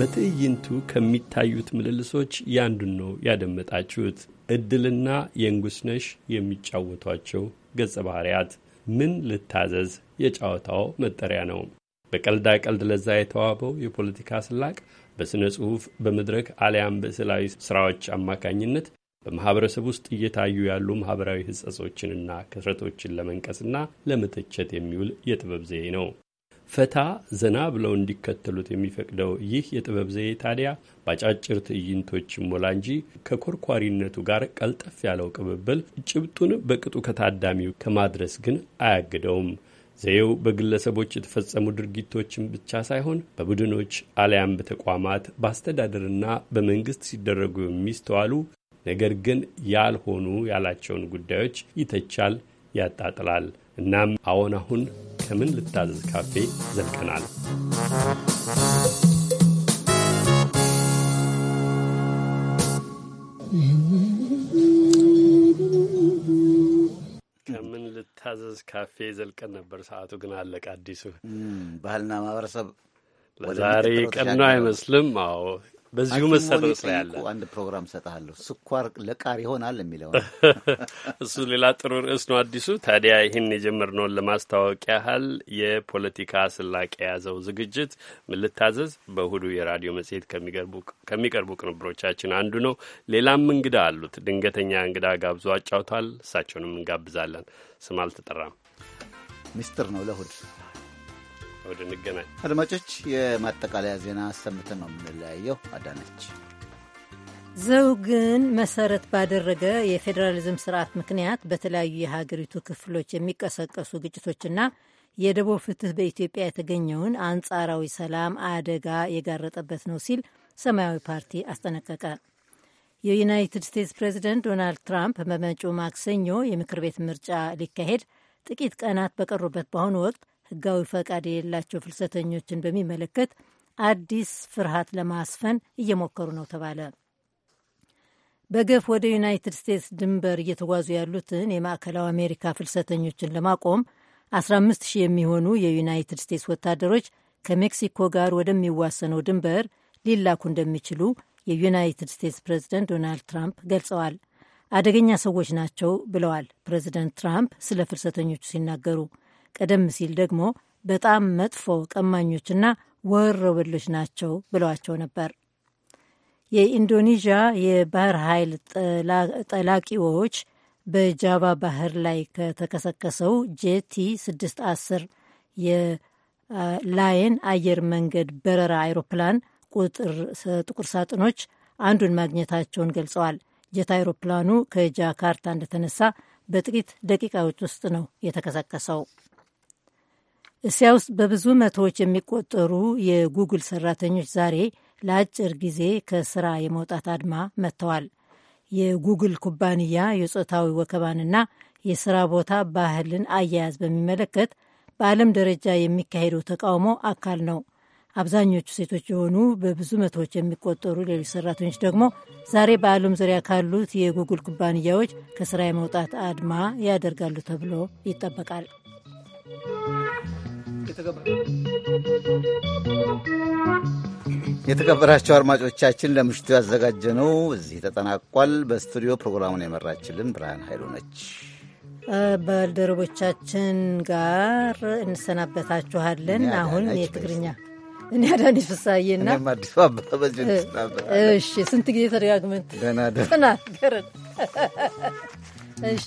በትዕይንቱ ከሚታዩት ምልልሶች ያንዱን ነው ያደመጣችሁት። እድልና የእንጉስነሽ የሚጫወቷቸው ገጸ ባህርያት ምን ልታዘዝ የጨዋታው መጠሪያ ነው። በቀልዳ ቀልድ ለዛ የተዋበው የፖለቲካ ስላቅ በሥነ ጽሑፍ፣ በመድረክ አሊያም በስዕላዊ ስራዎች አማካኝነት በማህበረሰብ ውስጥ እየታዩ ያሉ ማህበራዊ ህጸጾችንና ክስረቶችን ለመንቀስና ለመተቸት የሚውል የጥበብ ዘዬ ነው። ፈታ ዘና ብለው እንዲከተሉት የሚፈቅደው ይህ የጥበብ ዘዬ ታዲያ በአጫጭር ትዕይንቶች ሞላ እንጂ ከኮርኳሪነቱ ጋር ቀልጠፍ ያለው ቅብብል ጭብጡን በቅጡ ከታዳሚው ከማድረስ ግን አያግደውም። ዘዬው በግለሰቦች የተፈጸሙ ድርጊቶችን ብቻ ሳይሆን በቡድኖች አሊያም በተቋማት በአስተዳደርና በመንግስት ሲደረጉ የሚስተዋሉ ነገር ግን ያልሆኑ ያላቸውን ጉዳዮች ይተቻል፣ ያጣጥላል። እናም አሁን አሁን ከምን ልታዘዝ ካፌ ዘልቀናል። ከምን ልታዘዝ ካፌ ዘልቀን
ነበር። ሰዓቱ ግን አለቀ። አዲሱ ባህልና ማህበረሰብ ለዛሬ ቀና
አይመስልም። አዎ በዚሁ መሰረት ላይ ያለ
አንድ ፕሮግራም ሰጥሃለሁ። ስኳር ለቃር ይሆናል የሚለው
እሱ ሌላ ጥሩ ርዕስ ነው። አዲሱ ታዲያ ይህን የጀመርነውን ለማስታወቅ ያህል የፖለቲካ ስላቅ የያዘው ዝግጅት ምልታዘዝ ልታዘዝ በእሁዱ የራዲዮ መጽሔት ከሚቀርቡ ቅንብሮቻችን አንዱ ነው። ሌላም እንግዳ አሉት። ድንገተኛ እንግዳ ጋብዞ አጫውቷል። እሳቸውንም እንጋብዛለን። ስም አልተጠራም፣
ሚስጥር ነው ለእሁድ እሑድ እንገናኝ። አድማጮች፣ የማጠቃለያ ዜና አሰምተን ነው የምንለያየው። አዳነች
ዘውግን መሰረት ባደረገ የፌዴራሊዝም ስርዓት ምክንያት በተለያዩ የሀገሪቱ ክፍሎች የሚቀሰቀሱ ግጭቶችና የደቡብ ፍትህ በኢትዮጵያ የተገኘውን አንጻራዊ ሰላም አደጋ የጋረጠበት ነው ሲል ሰማያዊ ፓርቲ አስጠነቀቀ። የዩናይትድ ስቴትስ ፕሬዚደንት ዶናልድ ትራምፕ በመጪው ማክሰኞ የምክር ቤት ምርጫ ሊካሄድ ጥቂት ቀናት በቀሩበት በአሁኑ ወቅት ህጋዊ ፈቃድ የሌላቸው ፍልሰተኞችን በሚመለከት አዲስ ፍርሃት ለማስፈን እየሞከሩ ነው ተባለ። በገፍ ወደ ዩናይትድ ስቴትስ ድንበር እየተጓዙ ያሉትን የማዕከላዊ አሜሪካ ፍልሰተኞችን ለማቆም 15 ሺህ የሚሆኑ የዩናይትድ ስቴትስ ወታደሮች ከሜክሲኮ ጋር ወደሚዋሰነው ድንበር ሊላኩ እንደሚችሉ የዩናይትድ ስቴትስ ፕሬዚደንት ዶናልድ ትራምፕ ገልጸዋል። አደገኛ ሰዎች ናቸው ብለዋል ፕሬዚደንት ትራምፕ ስለ ፍልሰተኞቹ ሲናገሩ። ቀደም ሲል ደግሞ በጣም መጥፎ ቀማኞችና ወሮበሎች ናቸው ብለዋቸው ነበር። የኢንዶኔዥያ የባህር ኃይል ጠላቂዎች በጃባ ባህር ላይ ከተከሰከሰው ጄቲ 610 የላየን አየር መንገድ በረራ አይሮፕላን ቁጥር ጥቁር ሳጥኖች አንዱን ማግኘታቸውን ገልጸዋል። ጀት አይሮፕላኑ ከጃካርታ እንደተነሳ በጥቂት ደቂቃዎች ውስጥ ነው የተከሰከሰው። እስያ ውስጥ በብዙ መቶዎች የሚቆጠሩ የጉግል ሰራተኞች ዛሬ ለአጭር ጊዜ ከስራ የመውጣት አድማ መጥተዋል። የጉግል ኩባንያ የጾታዊ ወከባንና የስራ ቦታ ባህልን አያያዝ በሚመለከት በዓለም ደረጃ የሚካሄደው ተቃውሞ አካል ነው። አብዛኞቹ ሴቶች የሆኑ በብዙ መቶዎች የሚቆጠሩ ሌሎች ሰራተኞች ደግሞ ዛሬ በዓለም ዙሪያ ካሉት የጉግል ኩባንያዎች ከስራ የመውጣት አድማ ያደርጋሉ ተብሎ ይጠበቃል።
የተከበራቸው አድማጮቻችን ለምሽቱ ያዘጋጀነው እዚህ ተጠናቋል። በስቱዲዮ ፕሮግራሙን የመራችልን ብርሃን ኃይሉ ነች።
ባልደረቦቻችን ጋር እንሰናበታችኋለን። አሁን የትግርኛ እኔ አዳኒ ፍስሀዬና
አዲሱ እሺ፣
ስንት ጊዜ ተደጋግመን ተናገርን። እሺ